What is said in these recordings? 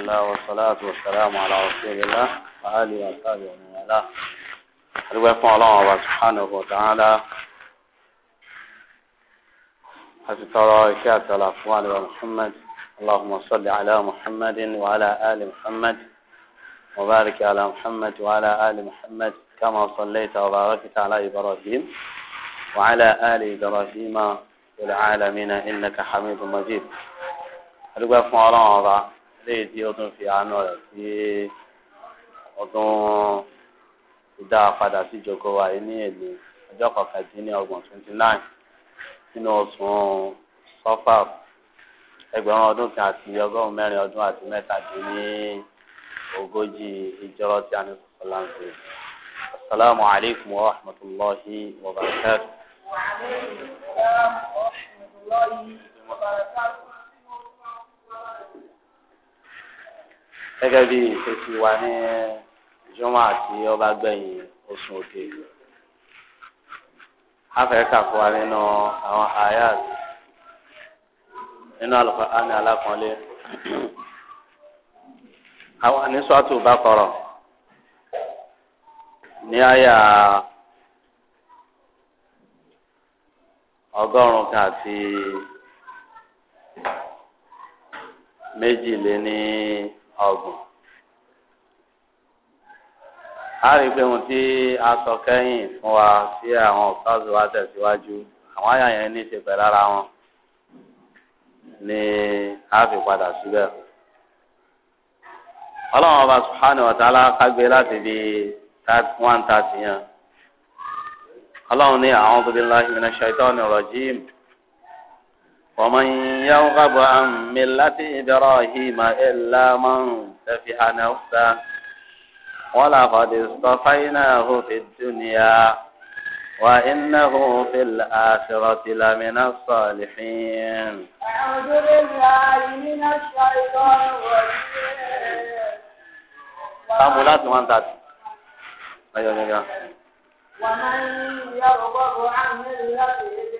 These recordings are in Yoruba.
الله والصلاة والسلام على رسول الله وآله وصحبه ومن والاه الوفاء الله سبحانه وتعالى حتى ترى كاتب الأفوال ومحمد اللهم صل على محمد وعلى آل محمد وبارك على محمد وعلى آل محمد كما صليت وباركت على إبراهيم وعلى آل إبراهيم والعالمين إنك حميد مجيد. أرجو أفهم الله léyìí tí ó tún fi àánú rẹ̀ sí ọdún ìdá padà sí ìjókòó wa yìí ní èdè ọjọ́ kọkàndínní ọgbọ̀n twenty nine nínú oṣù sọ́fà ẹgbẹ̀rún ọdún kan àti ọgọ́rùn-ún mẹ́rin ọdún àti mẹ́tàdínní ogójì ìjọrọ tí a ní sọ̀rọ̀ láǹfẹ̀. asalaamu alaykum wa rahmatulahi wa barakatu. wa aleykum salaam wa rahmatulahi wa barakatu. gẹ́gẹ́ bí ìfèsì wa ní ìjọba àti ọba gbẹ̀yìn oṣù òkè afẹ́ka fún wa nínú àwọn ayat nínú àlùfáàní alákànlé àwọn anísọ́tò bá kọ̀rọ̀ ní àyà ọgọ́rùn-ún kan àti méjì lé ní ọgbọ̀n. a rí i pé ohun tí a sọ kẹ́yìn fún wa sí àwọn ọ̀sáàzù wa tẹ̀síwájú àwọn àyà ní ṣe pẹ̀lú ara wọn ni a fi padà síbẹ̀. ọlọ́run ọba subhanahu wa ta'ala kágbé láti di one thirty yẹn. ọlọ́run ní a'udhu billahi minash shaitani rajim. ومن يرغب عن ملة إبراهيم إلا من سفه نفسه ولقد اصطفيناه في الدنيا وإنه في الآخرة لمن الصالحين أعوذ بالله من الشيطان الرجيم ومن يرغب عن ملة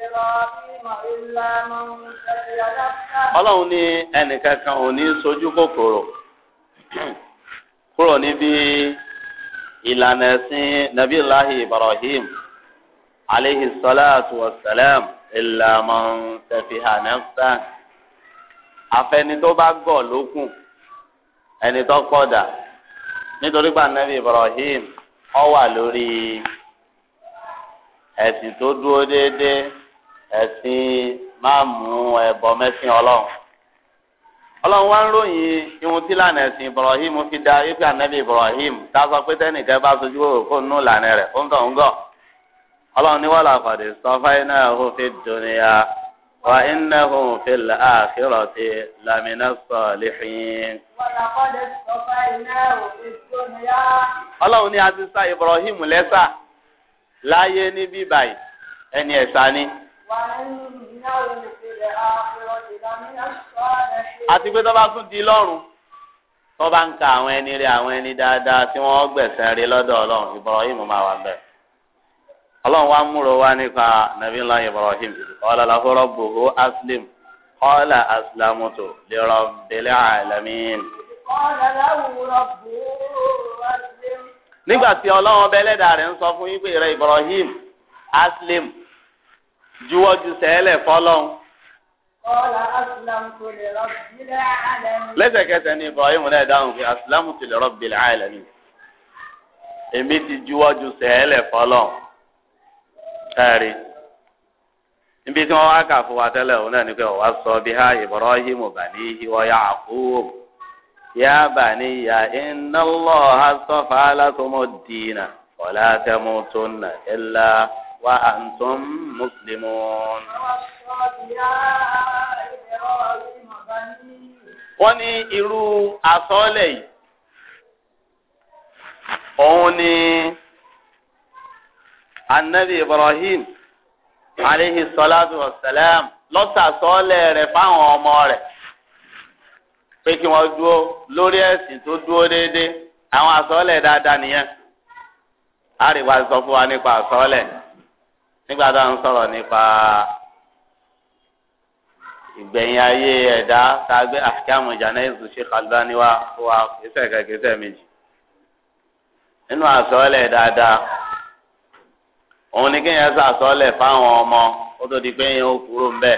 إبراهيم إلا من سفي نفسه ọlọ́run ní ẹnìkankan ò ní sojú kòkòrò kúrò níbi ìlànà ẹ̀sìn nabilahi ibrahim aleyhi salatu wa salam illa man safiha afẹni tó bá gọ̀ lókun ẹni tó kọ̀dà nítorí pé anabi ibrahim ó wà lórí ẹ̀sìn tó dúró déédéé ẹ̀sìn máa mú ẹ̀bọ mẹ́sìn ọlọ́run. ọlọ́run wá ń ròyìn ihun tí lànà ẹ̀sìn Ibrahim fi da ife ànábì Ibrahim tá a sọ pé tẹ́nìkan bá sojú òwò kó nù lànà rẹ̀ ó ń gàn ń gàn. ọlọ́run ní wọ́n làkọ̀dé safainahu fid dunya wa innahu fil akhirati lamina salihin. ọlọ́run ní a ti sa Ibrahim lẹ́sà láyé ní bíbáyìí ẹni ẹ̀sà ni. àti pé tó bá tún di lọ́rùn tó bá ń ka àwọn ẹni rí àwọn ẹni dáadáa tí wọ́n gbẹ̀sẹ̀ rí lọ́dọ̀ ọlọ́run Ibrahim máa wà bẹ́ẹ̀. ọlọ́run wa múro wá nípa Nabiyullah Ibrahim qala lahu rabbuhu aslim qala aslamtu li rabbil alamin. qala lahu rabbuhu aslim. Nigbati ọlọ́wọ́n bẹ́lẹ́dà rẹ̀ ń sọ fún Ibrahim aslim juwọ́jú sẹ́lẹ̀ fọlọ́n. lẹ́sẹ̀kẹsẹ̀ ni Ibrahim náà dáhùn pé aslamtu li rabbil alamin. èmi ti sẹ́lẹ̀ fọlọ́n. níbi tí wọ́n wá kà fún wa tẹ́lẹ̀ òun náà ni pé wọ́n Ibrahim يا بني إن الله اصطفى لكم الدين ولا تموتن إلا وأنتم مسلمون wọ́n ní irú àsọ́ọ́lẹ̀ yìí òun ni anabi ibrahim aleyhi salatu wa salam lọ́sàsọ́ọ́lẹ̀ rẹ̀ fáwọn ọmọ rẹ̀ pé kí wọ́n dúró lórí ẹ̀sìn tó dúró déédéé àwọn àsọ́ọ̀lẹ̀ dáadáa nìyẹn àríwá sọ fún wa nípa àsọ́ọ̀lẹ̀ nígbà tá à ń sọ̀rọ̀ nípa ìgbẹ̀yìn ayé ẹ̀dá tá a gbé àfikàmù jàǹdẹ́sù ṣe Albani wa wa kìsẹ̀ kẹ̀kẹ́sẹ̀ méjì nínú àsọ́ọ̀lẹ̀ dáadáa òun ni kéèyàn sàsọ́ọ̀lẹ̀ fáwọn ọmọ ó tó di pé yẹn ó kúrò ń bẹ̀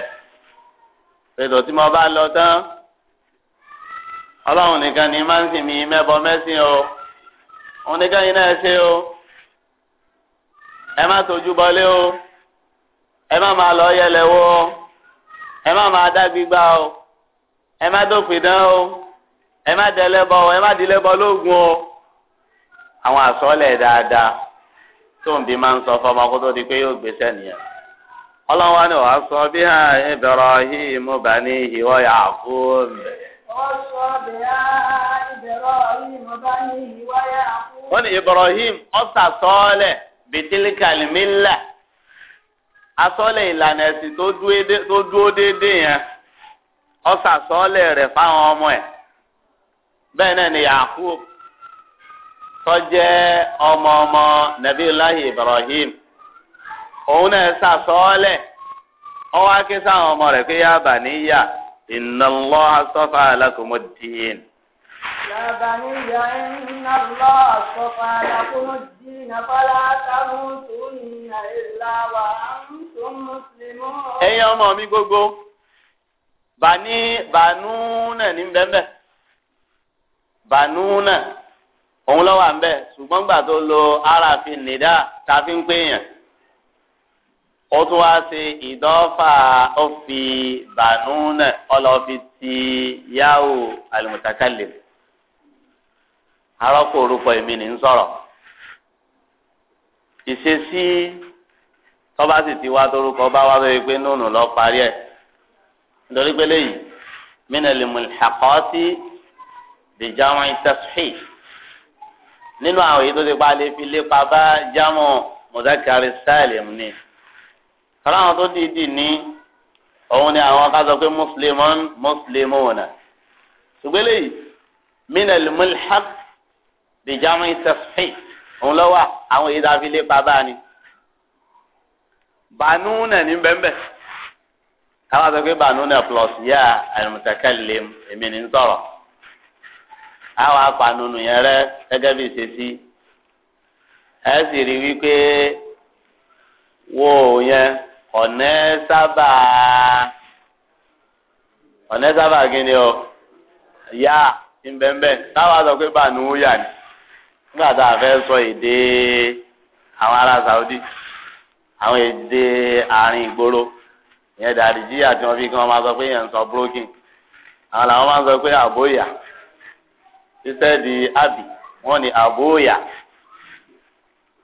pẹ̀tọ̀ tí mo bá lọ tán ọlọ́run nìkan ni máa ń sìn mí mẹ́bọ mẹ́sìn o òun nìkan yìí náà ṣe o ẹ má tójú bọlé o ẹ má máa lọ yẹlẹ wo o ẹ má máa dá gbígbá o ẹ má dópin dán o ẹ má dẹlẹbọ o ẹ má dilẹbọ lóògùn o àwọn àsọlẹ̀ dáadáa tó ń bí máa ń sọ fọmọ kó tó di pé yóò gbéṣẹ́ nìyẹn ọlọ́run wa ni wàá sọ bí hàn Ibrahim bani ìwọ yà á kú ọ̀nbẹ. wọ́n Ibrahim ọ̀sà sọ́ọ́lẹ̀ bìtìlìkàlìmílà asọ́ọ́lẹ̀ ìlànà ẹ̀sìn tó dúró déédéé yẹn ọ̀sà sọ́ọ́lẹ̀ rẹ̀ fáwọn ọmọ ẹ̀ bẹ́ẹ̀ náà ni Yakub tọ́jẹ́ ọmọ ọmọ Nabiullahi Ibrahim òun náà sàsọ́ọ́lẹ̀ ọwọ́ akẹ́sà ọmọ rẹ̀ níyà. inna Allaha astafa lakum ad-din. Ya baniya inna Allaha astafa lakum ad-din fala tamutunna illa wa antum muslimun. Ẹ̀yin ọmọ mi gbogbo, bani bànú náà ní bẹ́ẹ̀ bẹ́ẹ̀ bànúnà òun lọ́wọ́ à ń bẹ̀ ṣùgbọ́n gbà tó lo aráàfin nìdá tá a fi ń pè yàn ó tún wá ṣe ìdọ́fà ọ̀fì bànúnà ọlọ́fi ti yáwó àlùmùtàkàlẹ̀ arọ́pò orúkọ èmi ní ń sọ̀rọ̀ ìṣesí tọ́ba sì ti wá torúkọ bá wá lórí pé nùnù lọ parí ẹ̀ nítorí pé léyìí mínàlì mùlḥàkọ́tì bìjáwọn ìtẹ̀sùhì nínú àwọn èyí tó ti pa lè fi lépa bá jámọ̀ mùdákàrí sáàlì mu ni aláwọn tó dìídì ní òun ni àwọn ká sọ pé mùsùlùmọ́n mùsùlùmọ́nà ṣùgbọ́n lèyí minal mulhaq bi jam'i tasfih òun lọ́wọ́ àwọn èyí dáa fi lé pa báà ni bànúnà ní bẹ́ẹ̀ káwá sọ pé bànúnà plus yá al-mutakallim èmi ní sọ̀rọ̀ àwọn apanunu yẹn rẹ gẹ́gẹ́ bí ìṣesí ẹ sì rí wípé wo yẹn ọ̀nà sábà ọ̀nà sábà gíní o yá ìbẹ̀m̀bẹ̀ táwa sọ pé bá nùú yà ni nígbà tá a fẹ́ sọ èdè àwọn ará Saudi àwọn èdè àárín ìgboro ìyẹn dàríjíyà tí wọ́n fi kí wọ́n máa sọ pé yẹn ń sọ brokin àwọn làwọn máa ń sọ pé àbóyà títẹ́ di àbí wọ́n ní àbóyà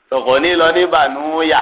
sọ̀kọ̀ ní lọ ní bànúyà.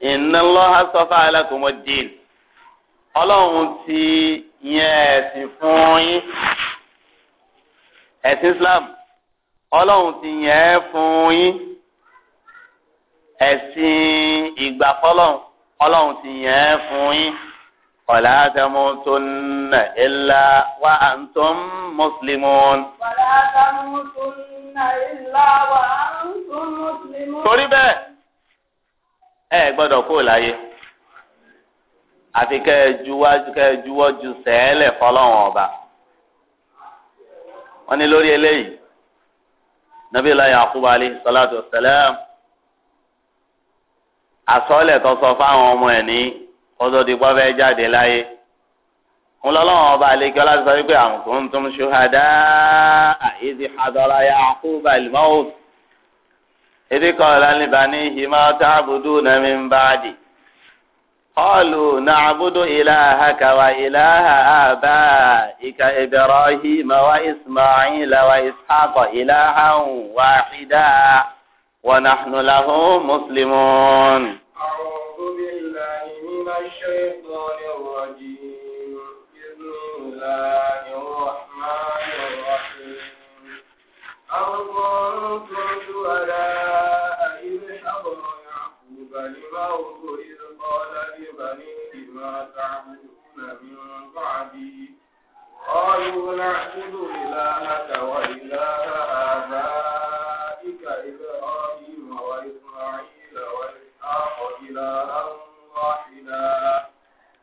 inna Allaha safa lakumud din ọlọ́run ti yàn ẹ̀sìn fún yín ẹ̀sìn islam ọlọ́run ti yàn fún yín ẹ̀sìn ìgbàfọ́lọ́run ọlọ́run ti yàn fún yín wa ẹ gbọ́dọ̀ kó láyé àfi kẹjúwọ́ ju sẹ́ẹ̀lẹ̀ fọlọ́wọn ọba wọn ni lórí eléyìí nabi ilayi akuba alayhi salatu wa salam asọ́lẹ̀ kan sọ fáwọn ọmọ ẹ̀ ní ọdọ tí gbọ́ fẹ́ jáde láyé ń lọ́lọ́wọ́n ọba àlekí ọlá ti sọ wípé àwọn kuntum shuhada àìsí hadara ya akuba al-maut إذ قال لبنيه ما تعبدون من بعدي قالوا نعبد إلهك وإله آبائك إبراهيم وإسماعيل وإسحاق إلها واحدا ونحن له مسلمون أعوذ بالله من الشيطان الرجيم بسم الله الرحمن الرحيم أو كنتم شهداء إذ حضر يعقوب الموت إذ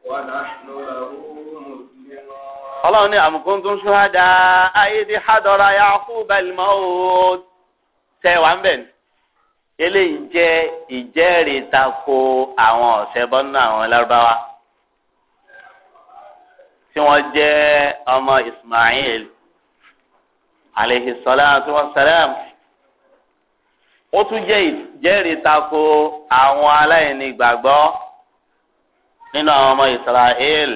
ونحن له مسلمون ọlọ́run ní àmùkúntún ṣúhádà ayédè hádọ́ra Yakuba al-maut tẹ wà ń bẹ̀ ni. eléyìí jẹ́ ìjẹ́rìí tako àwọn ọ̀sẹ̀ bọ́nú àwọn lárúbáwá tí wọ́n jẹ́ ọmọ Ismail alayhi salatu wa salam ó tún jẹ́ ìjẹ́rìí tako àwọn aláìní gbàgbọ́ nínú àwọn ọmọ Israel.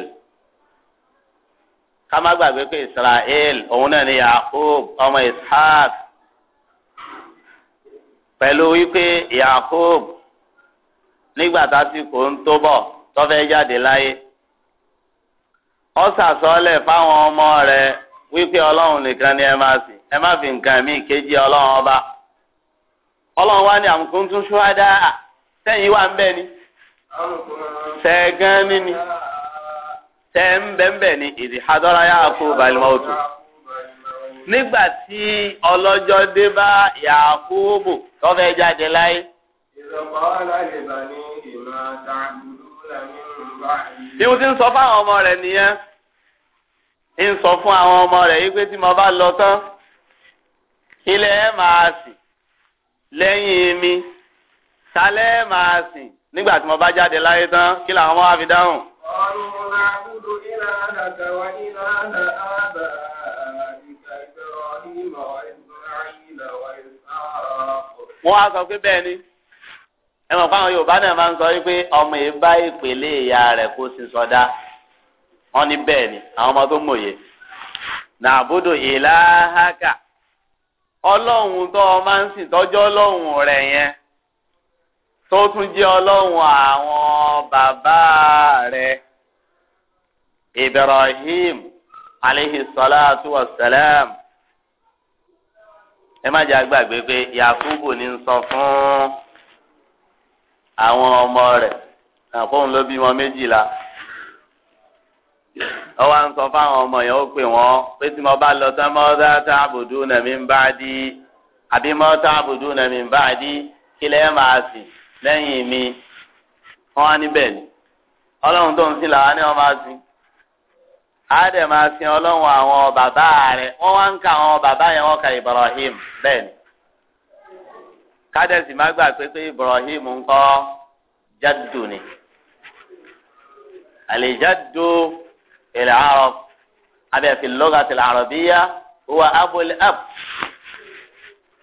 Kama gbàgbé pé Israel òun náà ni Yakub ọmọ Ishaq pẹ̀lú wípé Yakub nígbà tásìkò ń tó bọ̀ tọ́fẹ́ jáde láyé ó sàsọ́lẹ̀ fáwọn ọmọ rẹ̀ wípé ọlọ́run nìkan ni ẹ máa sìn ẹ má fi nǹkan mí kejì ọlọ́run ọba ọlọ́run wá ní àmukùntún ṣúwádà sẹ́yìn wà ń bẹ ni sẹ́ẹ̀gán ní ni. tẹ́ ń bẹ́ńbẹ́ ni ìdí hadọ́ra Yakubu al-mautu. nígbà tí ọlọ́jọ́ dé bá Yakubu tó fẹ́ jáde láyé. ìrọ̀pá aláìlè bá ní ìmọ̀ àtàkùn lórí ẹ̀yìn báyìí. bí wọ́n ti ń sọ fáwọn ọmọ rẹ̀ nìyẹn ń sọ fún àwọn ọmọ rẹ̀ yìí pé tí mo bá lọ tán ilẹ̀ ẹ̀ máa sìn lẹ́yìn mi sálẹ̀ máa sìn nígbà tí mo bá jáde láyé tán kí làwọn ọmọ wa fi dáhùn. قالوا نعبد إلهك وإله آبائك إبراهيم وإسماعيل وإسحاق wọ́n á sọ pé bẹ́ẹ̀ ni ẹ mọ̀ fáwọn Yorùbá náà máa ń sọ wípé ọmọ yìí bá ìpele ìyá rẹ̀ kó sì sọdá wọ́n bẹ́ẹ̀ ni àwọn ọmọ tó mòye ìlàhàkà ọlọ́run tó o máa ń sìn tọ́jú ọlọ́run tó tún jẹ́ ọlọ́run àwọn bàbá rẹ̀ Ibrahim aleyhi salatu wa salam ẹ má jẹ́ àgbàgbé pé Yakubu ní sọ fún àwọn ọmọ rẹ̀ àfọ̀hún ló bí wọn méjìlá ọwọ́ à ń sọ fáwọn ọmọ yẹn ó pè wọ́n pé tí mo bá lọ tán mọ́tà tá àbùdú ń bá dí àbí mọ́tà àbùdú nà ń bá dí kí lẹ́ẹ̀ máa sìn lẹ́yìn mi wọ́n á níbẹ̀ ni ọlọ́run tó ń sin làwọn ni wọ́n máa sin á dẹ̀ máa sin ọlọ́run àwọn bàbá rẹ̀ wọ́n wá ń ka àwọn bàbá yẹn wọ́n ka Ibrahim bẹ́ẹ̀ ni kádẹ́sì má gbà pé pé Ibrahim ń kọ́ jádù ni àlèjádù ilẹ̀ àrọ̀ abẹ́fì lọ́gà tìlẹ̀ àrọ̀bíyá wà ábòlẹ̀ àp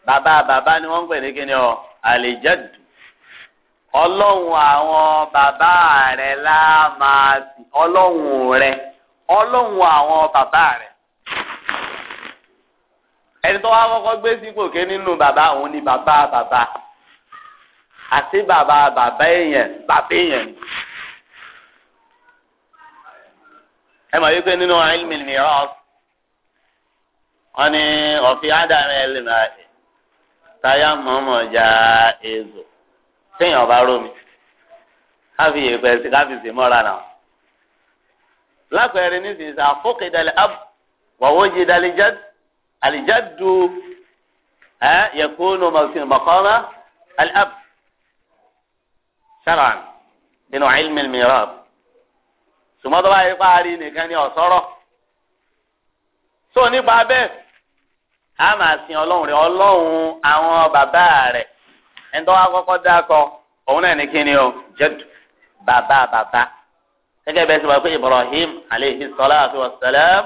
bàbá bàbá ni wọ́n ń pè ní kíni ọ àlèjádù. ọlọ́run àwọn bàbá rẹ̀ la máa sìn ọlọ́run rẹ̀ ọlọ́run àwọn bàbá rẹ̀. ẹni tó wá kọ́kọ́ gbé sípò ké nínú bàbá òun ni bàbá bàbá àti bàbá bàbá èèyàn bàbá èèyàn. ẹ mọ̀ wípé nínú ilmi mìíràn wọ́n ní ọ̀fi ádàmẹ́ ẹlẹ́mà táyà mọ́mọ́ já èzò. téèyàn ọba rómi káfí yèèpẹ̀ sí káfí sí mọ́ra náà lápẹẹrẹ nísìnyí sá fókè dalẹ ab wàwọ yé dalẹ jad alijadu ẹ yẹkúnú mọkànlá alab sharan nínú ilmi mìíràn sùmọ́tò báyìí parí nìkan ní ọ̀sọ́rọ̀ tó nípa bẹ́ẹ̀ a máa ọlọ́run rẹ ọlọ́run àwọn bàbá rẹ̀ ẹnitọ́ wa kọ́kọ́ dá akọ òun náà ní kíni o jẹ́dù bàbá bàbá gẹ́gẹ́ bẹ́ẹ̀ sọ wá pé Ibrahim aleyhi salatu wa salam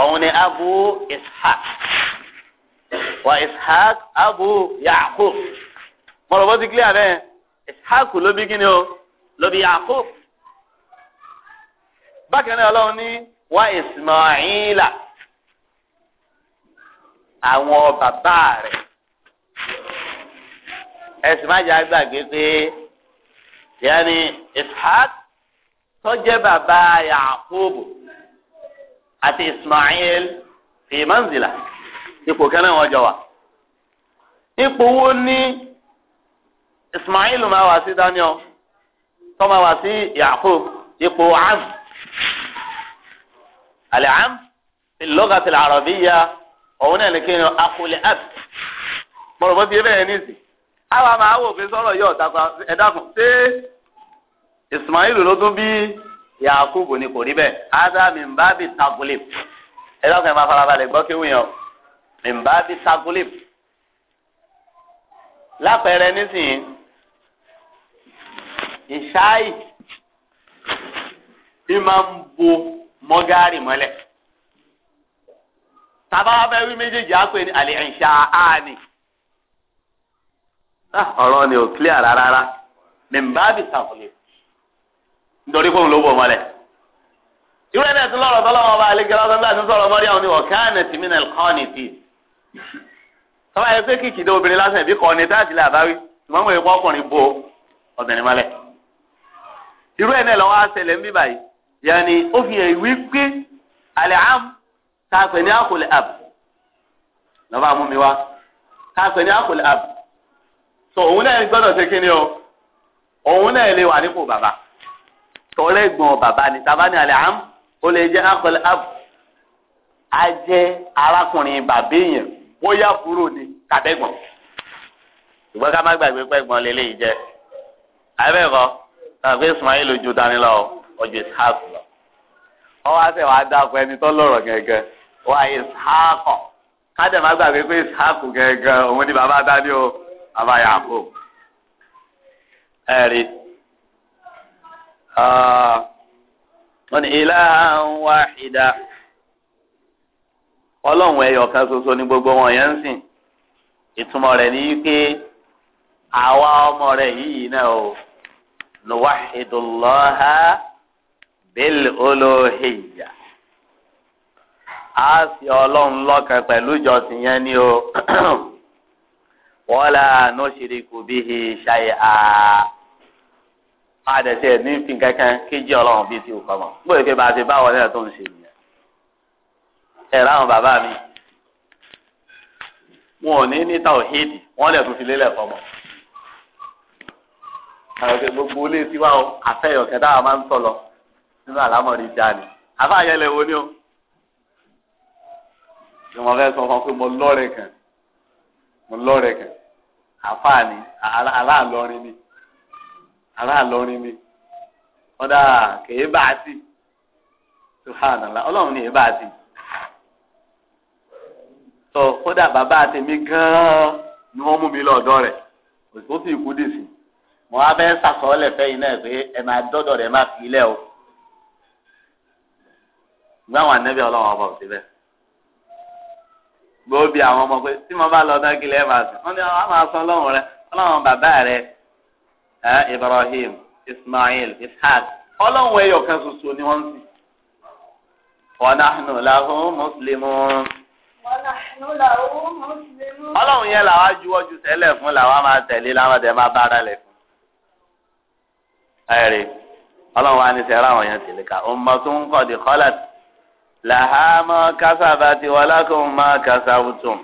òun ni abu ishaq wa ishaq abu yaakub mọ̀rọ̀ bó ti clear bẹ́ẹ̀ ishaq ló bí kíni o ló bí yaakub bákan náà ọlọ́run ní wa ismaila àwọn bàbá rẹ̀ ẹ̀sìn má jà gbàgbé pé yẹni ishaq tó jẹ́ bàbá yaakubu àti ismail fi manzila ipò kan náà wọ́n jọ wà ipò wo ni ismail máa wà sí daniel tó máa wà sí yakub ipò am àlẹ am lọ́gàtìlẹ̀ àrọ̀bíyà òun náà ní kí ni akuli ab mọ̀rọ̀ bó ti yẹ bẹ́ẹ̀ ní ìsìn àwa máa wò pé sọ̀rọ̀ yóò takwa ẹ̀dá kan ṣé Ismail ló tún bí Yakubu ni kò rí bẹ́ẹ̀ ádámì ń bá bí takulib ẹ̀dá kan ẹ̀ máa farabalẹ̀ gbọ́ kéwìn yẹn ń bá bí takulib lápẹẹrẹ nísìnyí ìṣáì ì máa ń bo mọ́gárì mọ́lẹ̀ tábà wí méjèèjì á pè ní àlè ìṣáà ni. Ah, ọ̀rọ̀ ni ò clear rárá mẹ̀mbáàbí sàfùlẹ̀ nítorí pé òun ló bọ̀ mọ́lẹ̀. irú ẹni ẹ̀sìn lọ́rọ̀ tọ́lọ́wọ́ bá alẹ́gẹ́ lọ́sọ̀ nígbà tí ń sọ̀rọ̀ mọ́rí àwọn oníwọ̀ káàní ti mí nàìjíríà kọ́ọ̀nì tì. sọ́wọ́ ayé pé kìkì dé obìnrin lásán ìbí kọ́ọ̀nì dáàtì lè àbáwí ṣùgbọ́n mo ìpọ́ ọkùnrin bo ọ̀dẹ̀ni mọ́lẹ̀. irú ẹni ẹ̀ lọ́wọ́ àṣẹlẹ̀ ń bí báyìí tó òun náà gbọ́dọ̀ ṣe kí ni o òun náà lè wà nípò bàbá tọ́lẹ̀ gbọ́n bàbá ni tàbá ni àlẹ́ àm ó lè jẹ́ akọlẹ̀ ab á jẹ́ arákùnrin bàbá èèyàn bóyá kúrò ní tàbẹ́gbọ̀n ṣùgbọ́n ká má gbàgbé pẹ́gbọ́n lélẹ́yìí jẹ́ abẹ́kọ̀ tàbí Ismail ojú dání lọ ọjọ́ Ishaq lọ ọwọ́ àti ẹ̀wà dáko ẹni tó lọ́rọ̀ gẹ́gẹ́ wà Ishaq kádẹ̀ má gbàgbé pé Ishaq gẹ́gẹ́ òun ni bàbá dání o. bàbá yàgò ẹ̀rí wọ́n ilahan wahida ọlọ́run ẹyọ kan ṣoṣo ni gbogbo wọn yẹn ń sìn ìtumọ̀ rẹ̀ pé àwa ọmọ rẹ̀ yìí náà o bil uluhiyya a sì ọlọ́run lọ́kàn pẹ̀lú ìjọsìn yẹn ni o. wala nushriku bihi shay'a àdẹ̀sẹ̀ ní fi kankan kéjì ọlọ́run bíi ti òkọ́ mọ̀ gbọ́dọ̀ pé bàtí báwọn náà tó ń ṣe nìyẹn. ẹ ráhùn bàbá mi wọn ò ní ní tàwíìdì wọn lè tún fi lélẹ̀ fọmọ. àwọn ọ̀sẹ̀ gbogbo ilé tiwa o àfẹ́yọ̀ kẹta àwọn máa ń sọ lọ nínú àlámọ̀rí ti àná àfáàyẹlẹ̀ wo ni o. ìwọ̀n fẹ́ sọ fún pé mo lọ́ọ̀rẹ̀ kan mo lọ́rẹ̀ kẹ̀ àfààní aláàlọ́rin ni aláàlọ́rin ni kọ́dà kèé bá a sí subhanallah ọlọ́run ni èé bá a sí tọ kọ́dà bàbá àtẹ̀mí gan-an ni wọ́n mú mi lọ́dọ̀ rẹ̀ ó sì kú dì sí mo wá bẹ́ẹ̀ sàkọọ́lẹ̀ fẹ́yìn náà pé ẹ máa dọ́dọ̀ rẹ̀ má fi ilẹ̀ o gbáwọn anẹ́bí ọlọ́run ọba ò sí bẹ́ẹ̀ gbọ́ bí àwọn ọmọ pé tí mo bá lọ dán kílẹ̀ máa sìn wọ́n ní wọ́n á máa sọ ọlọ́run rẹ ọlọ́run bàbá rẹ Ibrahim Ismail Ishaq ọlọ́run ẹyọ kan ṣoṣo ni wọ́n ń sìn. wa nahnu lahu muslimun. wa nahnu lahu muslimun. ọlọ́run yẹn làwa juwọ́ ju tẹ́lẹ̀ fún làwa máa tẹ̀lé láwọn tẹ̀ máa bára lẹ̀ fún. ẹ̀rí ọlọ́run wa ní sẹ́ra àwọn yẹn tẹ̀lé ká ummatun qad khalat. لها ما كسبت ولكم ما كسبتم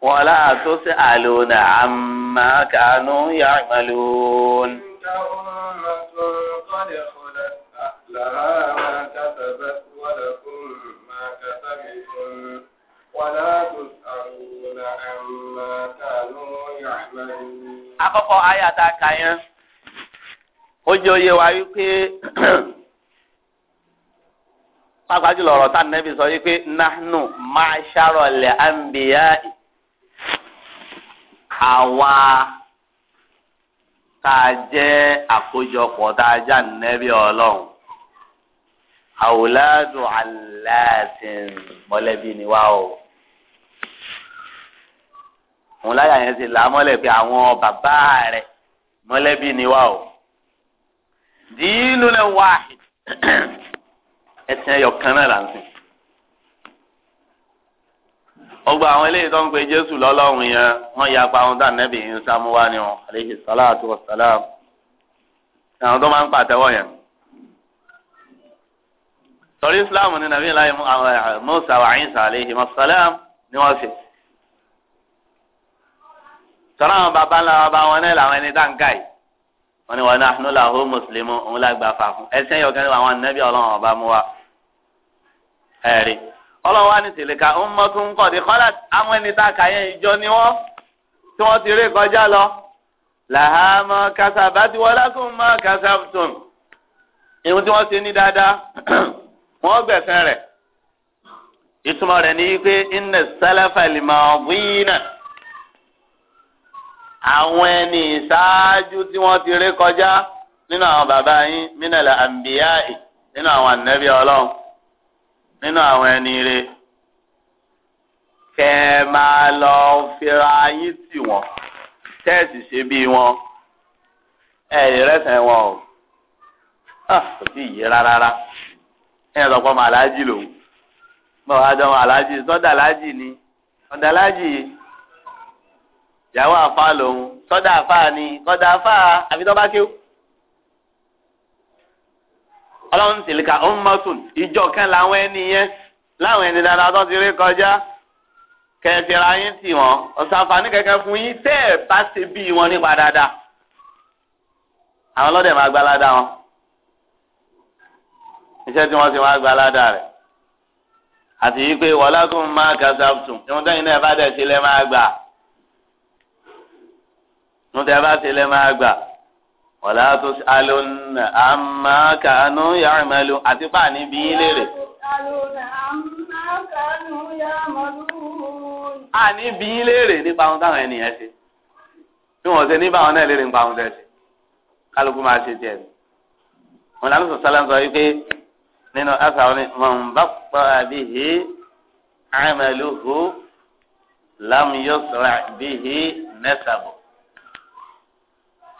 ولا تسألون عما كانوا يعملون لها ما كسبت ولكم ما كسبتم ولا تسألون عما كانوا يعملون. àkọ́kọ́ ayé àtàkà yẹn ó jẹ́ òye wa wípé pàápàá jùlọ ọ̀rọ̀ táà nẹ́bí sọ wípé nahnu máṣárọ̀ lẹ̀ àǹbíyá àwa tá a jẹ́ àkójọpọ̀ tá a já nẹ́bí ọlọ́run àwòládù aláàtìn mọ́lẹ́bí ni wá o. òun láyà yẹn ti là á mọ́lẹ̀ pé àwọn bàbá rẹ̀ mọ́lẹ́bí ni wá o. dìínú lẹ́wọ̀ àhìn ẹsìn ẹyọ kan náà là ń sìn ọgbà àwọn eléyìí tó ń pe jésù lọ́lọ́run yẹn wọ́n ya pa àwọn dànẹ́bì yìí ń sámú wá ní wọn àlejò sálàtú ọ̀sálàm àwọn tó máa ń pàtẹ́wọ́ yẹn. torí islam ní nàbí láyé musa eh, wa ayinsa àlejò mọ́sálàm ni wọ́n fi. sọ̀rọ̀ àwọn baba ńlá wa bá wọn náà làwọn ẹni dáńgá yìí wọn ni wọn náà fún làwọn mùsùlùmí òun lágbà fà fún ẹsẹ yọ kẹrin àwọn ànábì Ọlọ́run ọba mú wa ẹrí Ọlọ́run wa ní tìlíkà ń mọ tó ń kọ di kọlá àwọn ẹni tá a kà yẹn ìjọ ni wọn tí wọn ti rí kọjá lọ làhámọ kásábàtì wọlákùn mọ kásábùtùn ìhun tí wọn ṣe ní dáadáa wọn gbẹ̀san rẹ̀ ìtumọ̀ rẹ̀ ni pé inna sálàfà lè máa wí náà àwọn ẹni ìṣáájú tí wọ́n ti ré kọjá nínú àwọn bàbá yín mínàlá àǹbíyáì nínú àwọn ànẹ́bí ọlọ́run nínú àwọn ẹni rẹ kẹ máa lọ fira yín tì wọ́n tẹ́ẹ̀sì ṣe bí wọn ẹ̀yìn rẹ̀sẹ̀ wọn o kò sí ìyẹ rárá ẹ̀yìn lọ́pọ̀ màláàjì lòun bọ́ọ̀ adọ́mọ àlájì sọ́dà lájì ni ọ̀dà lájì yìí ìyàwó àfa lòun sọ́dà àfa ni kọ́dà àfa àfitọ́ba kéwù. ọlọ́run tìlíkà ó ń mọ́tún ìjọ kan làwọn ẹni yẹn láwọn ẹni dáadáa tó ti rí kọjá kẹfìrà yín tì wọ́n ọ̀sánfàní kẹ̀kẹ́ fún yín tẹ́ ẹ̀ bá ṣe bí wọn nípa dáadáa. àwọn ọlọ́dẹ̀ máa gbalada wọn iṣẹ́ tí wọ́n ti wá gbalada rẹ̀ àti yí pé wọ́lákùn máa kàṣàbùtù ìwọ̀n tẹ́yìn náà bá dẹ̀ sílẹ̀ máa gbà á nùtẹ́ bá ti lẹ́ máa gbà wàlá tó alónà àmà kànú yàrìmẹ́lú àti bá níbi ilé rẹ̀. àní bí ilé rẹ̀ nípa ohun táwọn ènìyàn ṣe bí wọ́n ṣe nípa àwọn náà lè rìn nípa ohun tẹ̀ ṣe kálukú máa ṣe tiẹ̀ ni wọn lànà sọ sálà sọ wípé nínú asa wọn ni wọn bá pa àbíhí àmàlùhù lámúyọsọrọ àbíhí nẹsàbọ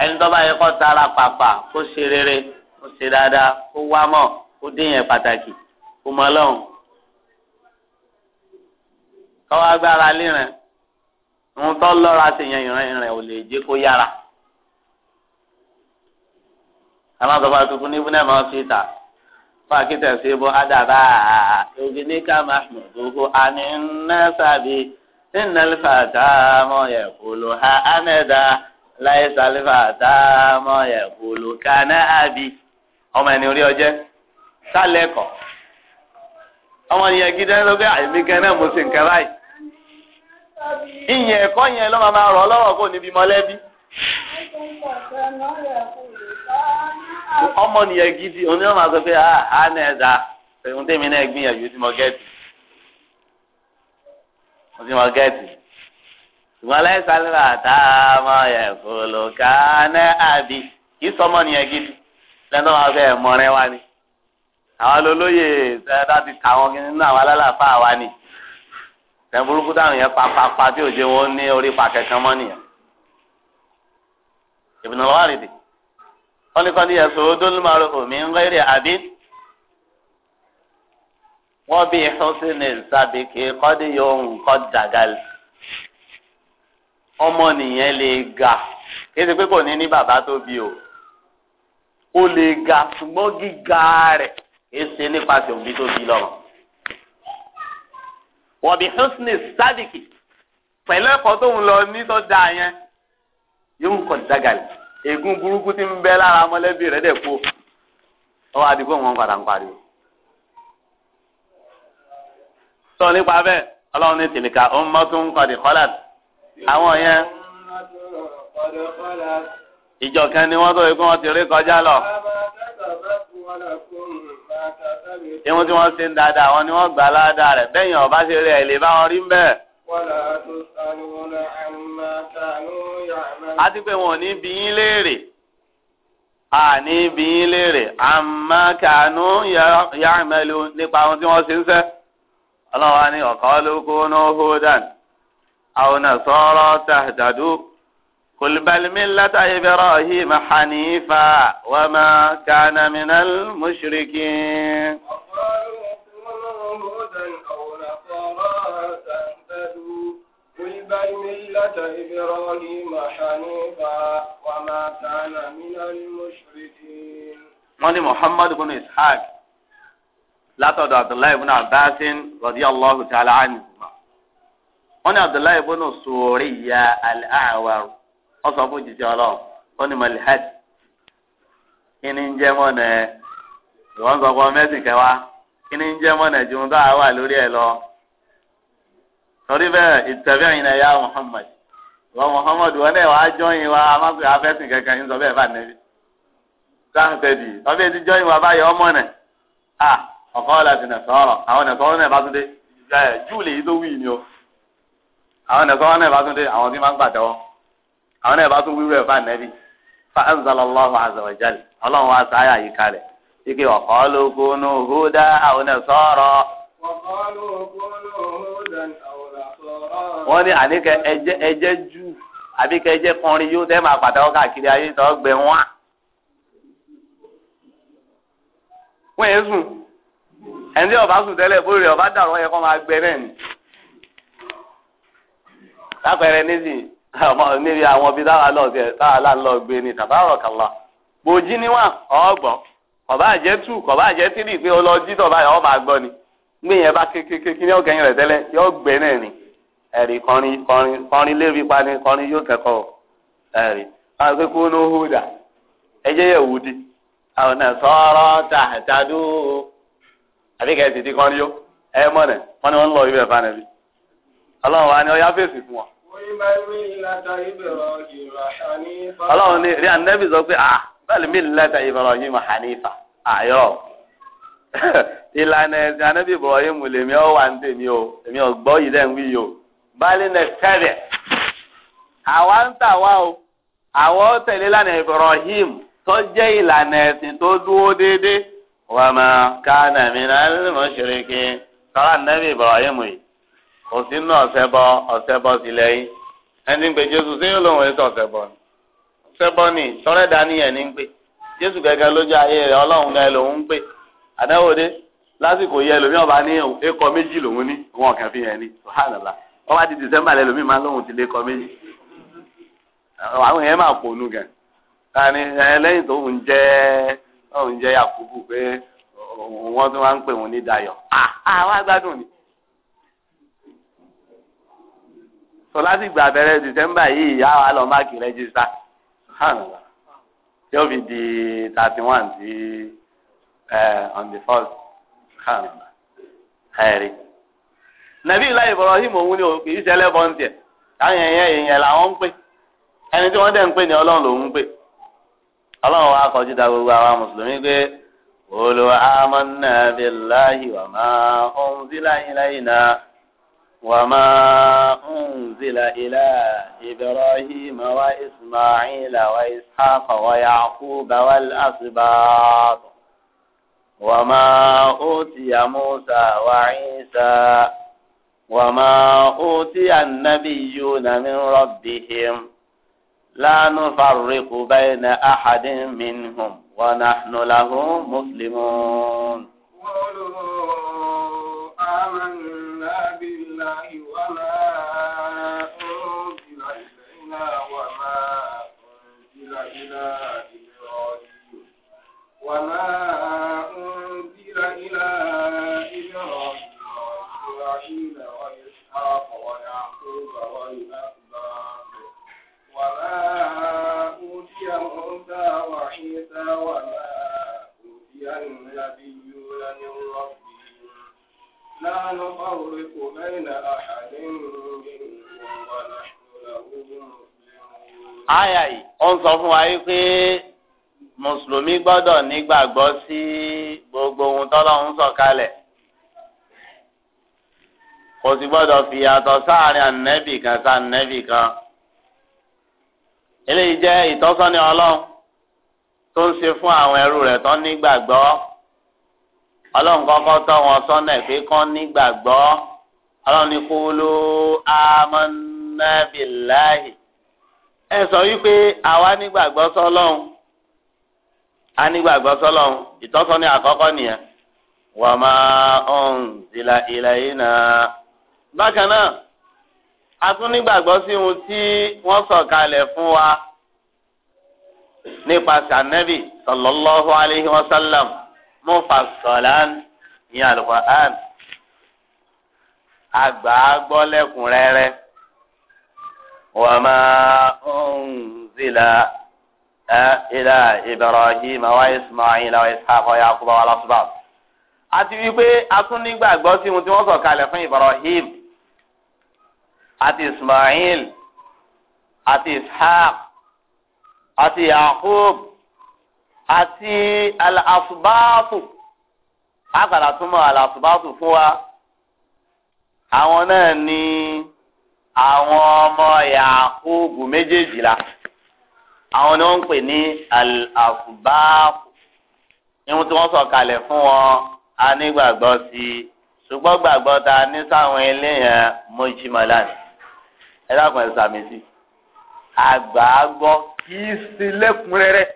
ẹni tó bá yẹ kó tara pàpà kó ṣe rere kó ṣe dáadáa kó wá mọ̀ kó dín yẹn pàtàkì kó mọ lọ́hùn. káwá agbára líran ohun tó lọ́ra sí yẹn ìran ìran ò lè jẹ́ kó yára. àwọn àgbàgbà tuntun ní ibùdó ẹ̀mọ́ sí ìta fún akíntẹ̀ sí ibò ádàbà òbí ní ká gbogbo àní ń ná sábì nínú ẹ̀lẹ́fà tá mọ̀ yẹ kó lò ha láyé sálífà táàmọ́ ẹ̀ kò lò kánà ọmọ ẹni orí ọjẹ́ sálẹ̀kọ̀ ọmọ yẹn gidi ẹni lókè àìmí kan náà mo sì ń báyìí ìyẹn yẹn ló máa máa rọ̀ lọ́rọ̀ kó níbi ọmọ nìyẹn gidi ọmọ pé a náà ẹ̀dá náà gbìyànjú tí mo gẹ̀ẹ́tì mo gẹ̀ẹ́tì. sùmọ́lẹ́ sálíra tá a mọ ẹ̀kọ́lò kánẹ́ àbí kì í sọmọ nìyẹn gidi lẹ́nu àwọn fẹ́ mọ́rin wa ni àwọn olóyè sẹ́dá ti ta àwọn kìnnìún náà àwọn alálàáfà wa ni tẹ̀ burúkú táwọn yẹn papapa tí òjò wọn ní orí pa kẹ̀kẹ́ mọ́ nìyẹn ìbùnà lọ́wọ́ rèé wọ́n ní kọ́ ní ẹ̀sùn omi ń rẹ́rẹ́ àbí wọ́n bí ìṣọ́sí ní ìsàbíkì kọ́dí yóò ń kọ́ dàgàlì ọmọ nìyẹn lè ga kí ṣe pé kò ní ní bàbá tó bí o ó lè ga ṣùgbọ́n gíga rẹ̀ kìí ṣe nípasẹ̀ òbí tó bí lọ́mọ. wọ́n bí husni sadiki pẹ̀lú ẹ̀kọ́ tó ń lọ nítọ́ da yẹn yóò ń kọ̀ dágàlì ègún burúkú ti ń bẹ lára mọ́lẹ́bí rẹ̀ dẹ̀ kú ọwọ́ adigun wọn padà ń pariwo. sọ nípa bẹ́ẹ̀ ọlọ́run ní tìlíkà ọmọ tó ń kọ́ di kọ́lá àwọn yẹn ìjọ kan ni wọn tó yẹ kó wọn ti rí kọjá lọ ìwọn tí wọn ṣe ń dáadáa wọn ni wọn gbà ládàá rẹ bẹyìn ọba ṣe rí ẹ lè bá wọn rí ń a ti pé wọn ò ní bí yín léèrè a ní bí yín léèrè àmọ́ kànú yàrá mẹlú nípa ohun tí wọn ṣe ń ṣe Ọlọ́run wa ní ló kó náà hó dànù aw نصارى tahtadu qul بل ملة إبراهيم حنيفا وما كان من المشركين wọ́n ní muhammad bin ishaq látọ̀dọ̀ abdullahi bin abbasin radiyallahu ta'ala anhu wọ́n ni abdullahi ibùnú ya sọ fún jíjẹ́ ọlọ́run wọ́n ní malihad kíni ń jẹ́ mọ́nà ẹ̀ sọ fún kíni ń lórí lọ. torí ya Muhammad wọ́n Muhammad wọ́n náà wàá jọyìn wa kankan ń sọ bá ti jọyìn wa ah ti nà àwọn nà náà bá tún dé júùlì yìí tó wí ni àwọn ẹ̀kọ́ wọn náà bá tún dé àwọn tí máa ń gbàdọ́ àwọn náà bá tún wíwúrẹ̀ fún ànẹ́bí fàánzàlọ́láhùn àzọ̀wẹ̀jálì ọlọ́run wa sáyà yìí kalẹ̀ ike ọ̀kọ́ ló kúnú húdà àwọn ẹ̀ sọ̀rọ̀. wọ́n ní àníkẹ́ ẹjẹ́ ẹjẹ́ jù àbíkẹ́ ẹjẹ́ kọrin yóò tẹ́ máa pàtàkó káàkiri ayé tó gbẹ wọ́n. wọ́n yẹn sùn ẹni ọba sùn tẹ́lẹ̀ bóyá ọba dàrú ẹ̀kọ́ máa gbẹ náà ni lápẹẹrẹ nísìnyí níbi àwọn bíi táwa lọ sí ẹ táwa là ń lọ gbé ni tàbárọ̀ kàlá bòjí níwọ̀n ọgbọ̀n kọ̀bá àjẹ́ tù kọ̀bá àjẹ́ tìrì pé ọlọ́jí tọ̀ báyọ̀ ọmọ àgbọ̀ ni gbé yẹn bá kékeré ní ọ̀gẹ́yìn rẹ̀ tẹ́lẹ̀ yọ gbẹ náà ni ẹ̀rí kọrin kọrin kọrin lérí pani kọrin yóò kẹ́kọ̀ọ́ ẹ̀rí wọn pé kó ló hó dà ẹjẹ́ yẹ̀ wù di àwọn náà sọ̀rọ̀ tàdádó àbíkẹ́ ti ẹ ọlọ́run wa ni ọ̀yá fèsì fún wọn. ọlọ́run ni rí anẹ́bí sọ pé ah bẹ́ẹ̀ mi lẹ́tà Ibrahim hanifa ayọ̀ ah, ìlànà ẹ̀sìn anẹ́bí Ibrahim lèmi ọ̀ wà ní tèmi o èmi ò gbọ́ yìí dẹ́n wí yìí o báyìí nà tẹ́lẹ̀ àwa ń tà wá o àwọn tẹ̀lé lánàá Ibrahim tó jẹ́ ìlànà ẹ̀sìn tó dúró déédéé wàmà kánà mìíràn mọ̀ṣẹ̀rẹ̀kẹ́ sọ́ra nẹ́bí Ibrahim yìí òsì nù ọ̀sẹ̀ bọ ọ̀sẹ̀ bọ ẹni ń pe jésù sí yóò lóun èso ọ̀sẹ̀ bọ ni ọ̀sẹ̀ ni tọ́rẹ́ dání ní ń pe jésù gẹ́gẹ́ lójú ayé rẹ̀ ọlọ́run gan lòun ń pe àdáwòde lásìkò yẹ lómi ọba ní ekọ méjì lòun ní wọn kàn fi yẹn ní sùhánàlá wọn bá di december lẹ lómi máa lóun ti lé kọ méjì àwọn yẹn máa pònú gan tani lẹ́yìn tó ń jẹ́ ń jẹ́ yakubu pé wọ́n tún wá ń pè wọ́n ní dayọ̀ àwa ah, ah, gbádùn ni. sọ láti gbà bẹ̀rẹ̀ dìsẹ́mbà yìí ìyá wa lọ máàkì rẹ́jísítà tí ó fi di thirty one sí eh, on the first ẹ̀rí. nàbí ìlà Ibrahim òun ni kì í ṣẹlẹ̀ bọ́ǹtì ẹ̀ táwọn èèyàn èèyàn làwọn ń pè ẹni tí wọ́n dẹ̀ ń pè ní ọlọ́run lòún ń pè ọlọ́run wa kọjú da gbogbo àwa mùsùlùmí pé olùwà amọ̀nà billahi wà máa ń sílá yín láyìn náà. وما أنزل إلى إبراهيم وإسماعيل وإسحاق ويعقوب والأسباط وما أوتي موسى وعيسى وما أوتي النبيون من ربهم لا نفرق بين أحد منهم ونحن له مسلمون قولوا آمنا الله وما أنزل إلينا وما أنزل إلى إبراهيم وما أنزل إلى إبراهيم وإسرائيل وإسحاق ويعقوب والأسباط وما أوتي موسى وعيسى وما أوتي النبيون من ربهم لا نفرق بين أحد منهم ونحن له مسلمون آية ó ń sọ fún wa yìí pé mùsùlùmí gbọ́dọ̀ nígbàgbọ́ sí gbogbo ohun tọ́lọ́run sọ kalẹ̀ kò sì gbọ́dọ̀ fìyàtọ̀ sáàrin ànẹ́bì kan sáànẹ́bì kan eléyìí jẹ́ ìtọ́sọ́ni ọlọ́run tó ń ṣe fún àwọn ẹrú rẹ̀ tó nígbàgbọ́ ọlọ́run kọ́kọ́ tọ́ wọn sọ́nà pé kán nígbàgbọ́ ọlọ́run ní kúlú amọ́nàbíláhì ẹ sọ wípé àwa nígbàgbọ́ sọ́lọ́run a nígbàgbọ́ sọ́lọ́run ìtọ́sọ́nà àkọ́kọ́ nìyẹn wà máa ọ̀hún ìlà ìlà yìí náà. bákan náà a tún nígbàgbọ́ sí ohun tí wọ́n sọ kalẹ̀ fún wa nípasẹ̀ ànábì sallallahu alayhi wa sallam mufassalan ní al-Qur'an àgbà gbọ́lẹ́kùn rẹ́rẹ́ wa ma unzila ila Ibrahim wa Isma'il wa Ishaq wa Yaqub wa al-asbat àti wípé atúnígbàgbọ́ sí ohun tí wọ́n sọ̀ kalẹ̀ fún Ibrahim àti Isma'il àti Ishaq àti Yaqub àti àlàsùbáàfù àgbàlá túmọ̀ àlàsùbáàfù fún wa àwọn náà ní àwọn ọmọ Yakubu méjèèjìlá àwọn ni wọ́n ń pè ní àlàsùbáàfù ihun tí wọ́n sọ kalẹ̀ fún wọn a nígbàgbọ́ sí i ṣùgbọ́n gbàgbọ́ ta ní sáwọn eléyàn mojimọ́lá ni ẹ dákun ẹ sàmì sí kì í sí lẹ́kùnrẹ́rẹ́.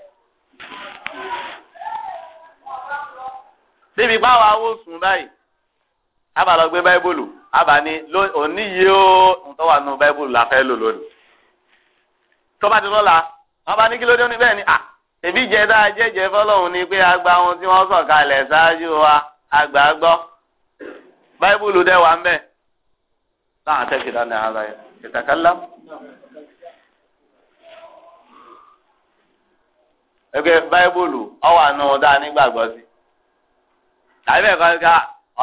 débi báwa ó sùn báyìí àbá lọ gbé báíbùlù àbá ni òní yìí ó ntọ́ wà báíbùlù la fẹ́ lò lónìí. tọ́ba ti lọ́la wọ́n bá ní kí ló dé ó ní bẹ́ẹ̀ ni à èbí jẹ jẹ́jẹ́ fọlọ́hún ni pé agba ohun tí wọ́n sọ̀ kalẹ̀ ṣáájú wa àgbà gbọ́ báíbùlù dẹ́ wà ń bẹ̀. láwọn àtẹ̀sí dáná ní ara yẹn ìtàkálá. ẹgbẹ́ báíbùlù ọ̀wà nù dáa nígbàgbọ́ sí tàbí ẹ̀kọ́ ká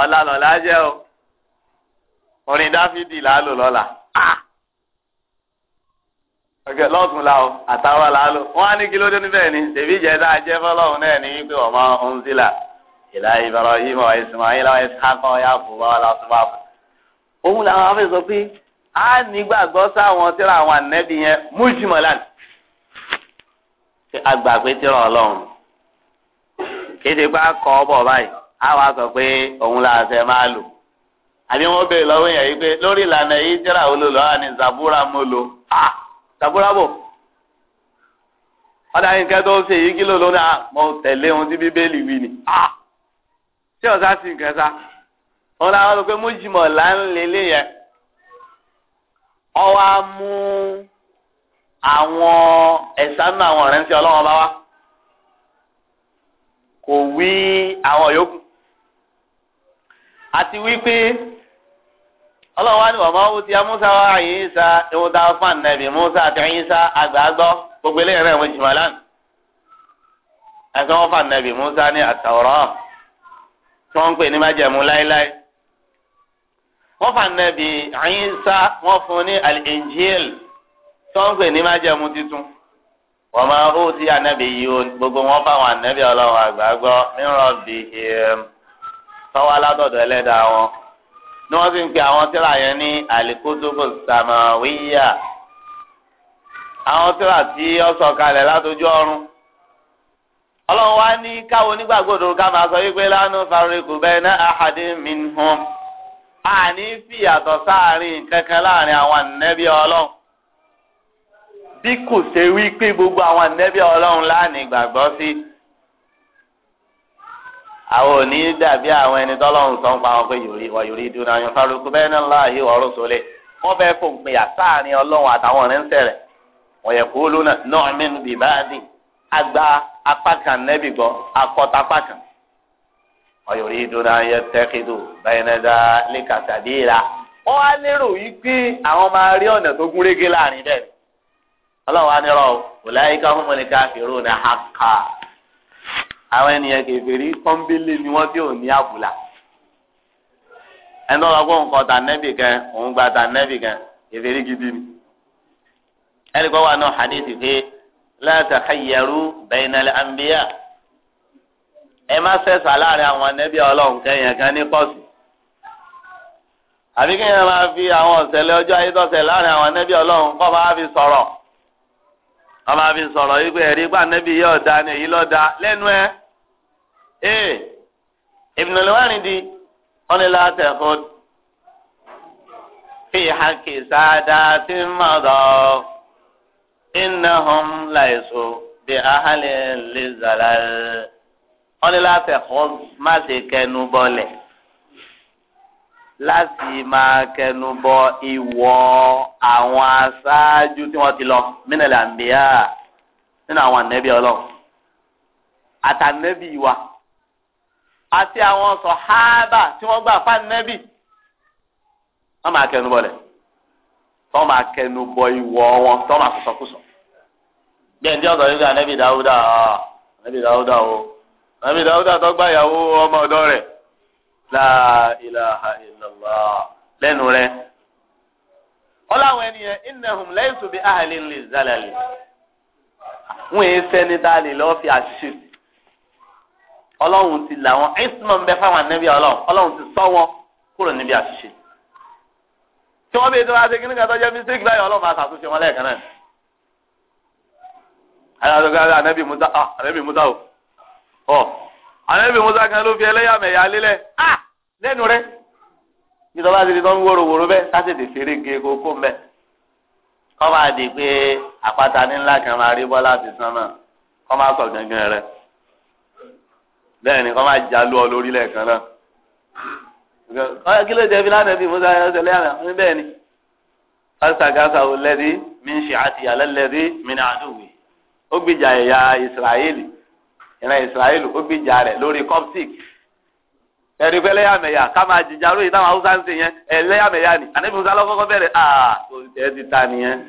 ọ̀la lọ́la jẹ́ o orin dáfídì làálò lọ́la ah! ọ̀gẹ̀ lọ́tún la o àtàwọn làálò wọ́n á ní kí ló dé níbẹ̀ ni tèmi jẹ́ tá a jẹ́ fọlọ́run náà ní wípé ọmọ ọ̀nzílà ìlà Ibrahim wa Ismaila wa Ishaqa wa Yaquba wa làásùbàbù òun làwọn afẹ́ sọ pé a nígbàgbọ́ sáwọn tíra àwọn ànẹ́bí yẹn mújìmọ̀lán àgbà pé tíra ọlọ́run kéde pé a kọ́ ọ á wàá sọ pé òun là fẹ́ máa lò àbí wọn béèrè lọ́wọ́ yẹn yìí pé lórí ìlànà yìí jẹrà wo wà ní zabura mo lò á zabura bò ọdà yín kẹtọ ṣe yìí kí ló lọ náà mo ohun tí bíbélì wí ni á ṣé ọ̀sá sì ń kẹta wọn làwọn lọ pé mo jìmọ̀ láńlélẹ̀ yẹn ọwọ́ á mú àwọn ẹ̀sánú àwọn ọ̀rẹ́ ń ṣe ọlọ́wọ́n bá wá kò wí àwọn yòókù àti wípé ọlọ́run wá ní wàmọ́ ó ti amúsá wá àyè sa ìwọ́n tá a fún ànàbì musa àti ẹ̀yìn sa àgbàgbọ́ gbogbo eléyìí rẹ̀ wọ́n jùmọ̀ lánàá ẹ̀sán wọ́n fún ànàbì musa ní àtàwọ̀rọ̀ tí wọ́n ń pè ní májẹ̀mú láéláé wọ́n fún ànàbì ẹ̀yìn sa wọ́n fún ní al tí wọ́n ń pè ní májẹ̀mú titun wàmọ́ ó ti ànàbì yìí gbogbo wọn fáwọn ànàbì ọlọ́run àgbàgbọ́ mìíràn tọ́wọ́ aládọ̀dọ̀ ẹlẹ́dàá wọn ni wọ́n sì ń pe àwọn tíra yẹn ní àlìkótókò sàmàwíyà àwọn tíra tí ó sọ̀kalẹ̀ látọjú ọ̀run ọlọ́run wá ní káwọn onígbàgbọ́dọ̀ ká máa sọ wípé lánàá fariqu bayna ahadin minhum àní fìyàtọ̀ sáàrin kankan láàrin àwọn ànẹ́bí ọlọ́run bí kò ṣe wí pé gbogbo àwọn ànẹ́bí ọlọ́run láàní ìgbàgbọ́ sí. Si àwọn òní dàbí àwọn ẹni tọ́lọ́run sọ ń pa wọn pé yòrí wọ yòrí dùn náà yọ̀ǹfà rúkú bẹ́ẹ̀ náà láàyè ọ̀rọ̀ sólè wọ́n fẹ́ fòpin àtàrin ọlọ́run àtàwọn ọ̀rẹ́ ń sẹ̀rẹ̀ wọ́n yẹ kó lónà náà mẹ́nu bìbá dì agba apá kan nẹ́bì gbọ́ akọ́ta apá kan wọ́n yòrí dùn náà yẹ tẹ́kìdù bẹ́ẹ̀ náà dá lẹ́kàtàdéra wọ́n á lérò yìí pé àwọn máa rí ọ̀nà tó gúnrégé láàrin bẹ́ẹ̀ ọlọ́run àwọn ènìyàn kèfèrí ni wọ́n tí ò ní àbùlà ẹni ọ̀rọ̀ kó nǹkan tà nẹ́bì òun gba nẹ́bì gidi ni ẹni kọ́ wà náà hadithi pé la takhayyaru bainal anbiya ẹ má sẹ́sà láàrin àwọn nẹ́bì ọlọ́run kẹyìn kan ní pọ́sù àbí kéèyàn máa fi àwọn ọ̀sẹ̀lẹ̀ ọjọ́ ayé láàrin àwọn nẹ́bì ọlọ́run kọ́ máa fi sọ̀rọ̀ yìí pé gbà ni èyí ee eh, Ibn al-Waridi wọn la tẹ̀kọ́ fi hakì sáadà tí ma dọ̀ innahum laisu bi ahali lizalal wọn la tẹ̀kọ́ má ṣe kẹnu bọ́lẹ̀ láti máa kẹnu bọ ìwọ àwọn aṣáájú tí wọn ti lọ mínàlẹ àǹbíyá nínú àwọn ànẹbí Ọlọ́run àtànẹbí wa àti àwọn sọ̀háábà tí wọ́n gbà fáwọn nẹ́bì wọ́n máa kẹnu bọ̀lẹ̀ tọ́ máa kẹnu bọ ìwọ wọn tọ́ máa sọ̀sọ̀ kù sọ. bẹ́ẹ̀ ní ọ̀sán yóò nẹ́bì dáúdà ah, nẹ́bì dáúdà o nẹ́bì dáúdà tó gbà ìyàwó ọmọ ọ̀dọ́ rẹ̀ la ilaha illallah lẹ́nu rẹ̀. ọláwọn ènìyàn innahum laysu bi ahlin lizalali. wọ́n ń sẹ́ni tá lọ́ọ́ fi àṣìṣe ọlọ́run ti là wọn ẹ̀sìnmọ̀ ń bẹ fáwọn ànábì ọlọ́run ọlọ́run ti sọ wọn kúrò níbi àṣìṣe. tí wọ́n bèèrè tó wá sí kí nígbà tó jẹ́ mistake báyìí ọlọ́run máa ṣàtúnṣe wọn lẹ́ẹ̀kan náà. aláàdọ́gbà ànábì musa ah ànábì musa o ọ ànábì musa kan ló fi ẹlẹ́yàmẹ̀yà lélẹ̀ ah lẹ́nu rẹ̀ ìjọba ti di tán wóróworó bẹ́ẹ̀ sátẹ̀tẹ̀ fèrè ge kókó mbẹ́ kọ́ máa di pé àpáta ní ńlá kan máa rí bọ́lá ti sán náà kọ́ máa sọ gangan rẹ̀ bẹ́ẹ̀ ni kọ́ máa já lú ọ lórí lẹ́ẹ̀kan náà kí ló dé fi lánàá bí musa yẹn ṣẹlẹ̀ àná ní bẹ́ẹ̀ ni pásítàgásà ò lẹ́dí mi ń ṣe àti ìyàlẹ́ lẹ́dí mi ní àdúgbò ó gbìjà ẹ̀yà ìsirayéli ìran ìsirayéli ó gbìjà rẹ̀ lórí coptic ẹ̀rí pé ẹlẹ́yàmẹ̀yà ká máa jìjà lórí táwọn haúsá ń sè yẹn ẹlẹ́yàmẹ̀yà ni ànábì musa lọ́kọ́kọ́ bẹ̀rẹ̀ àà nìyẹn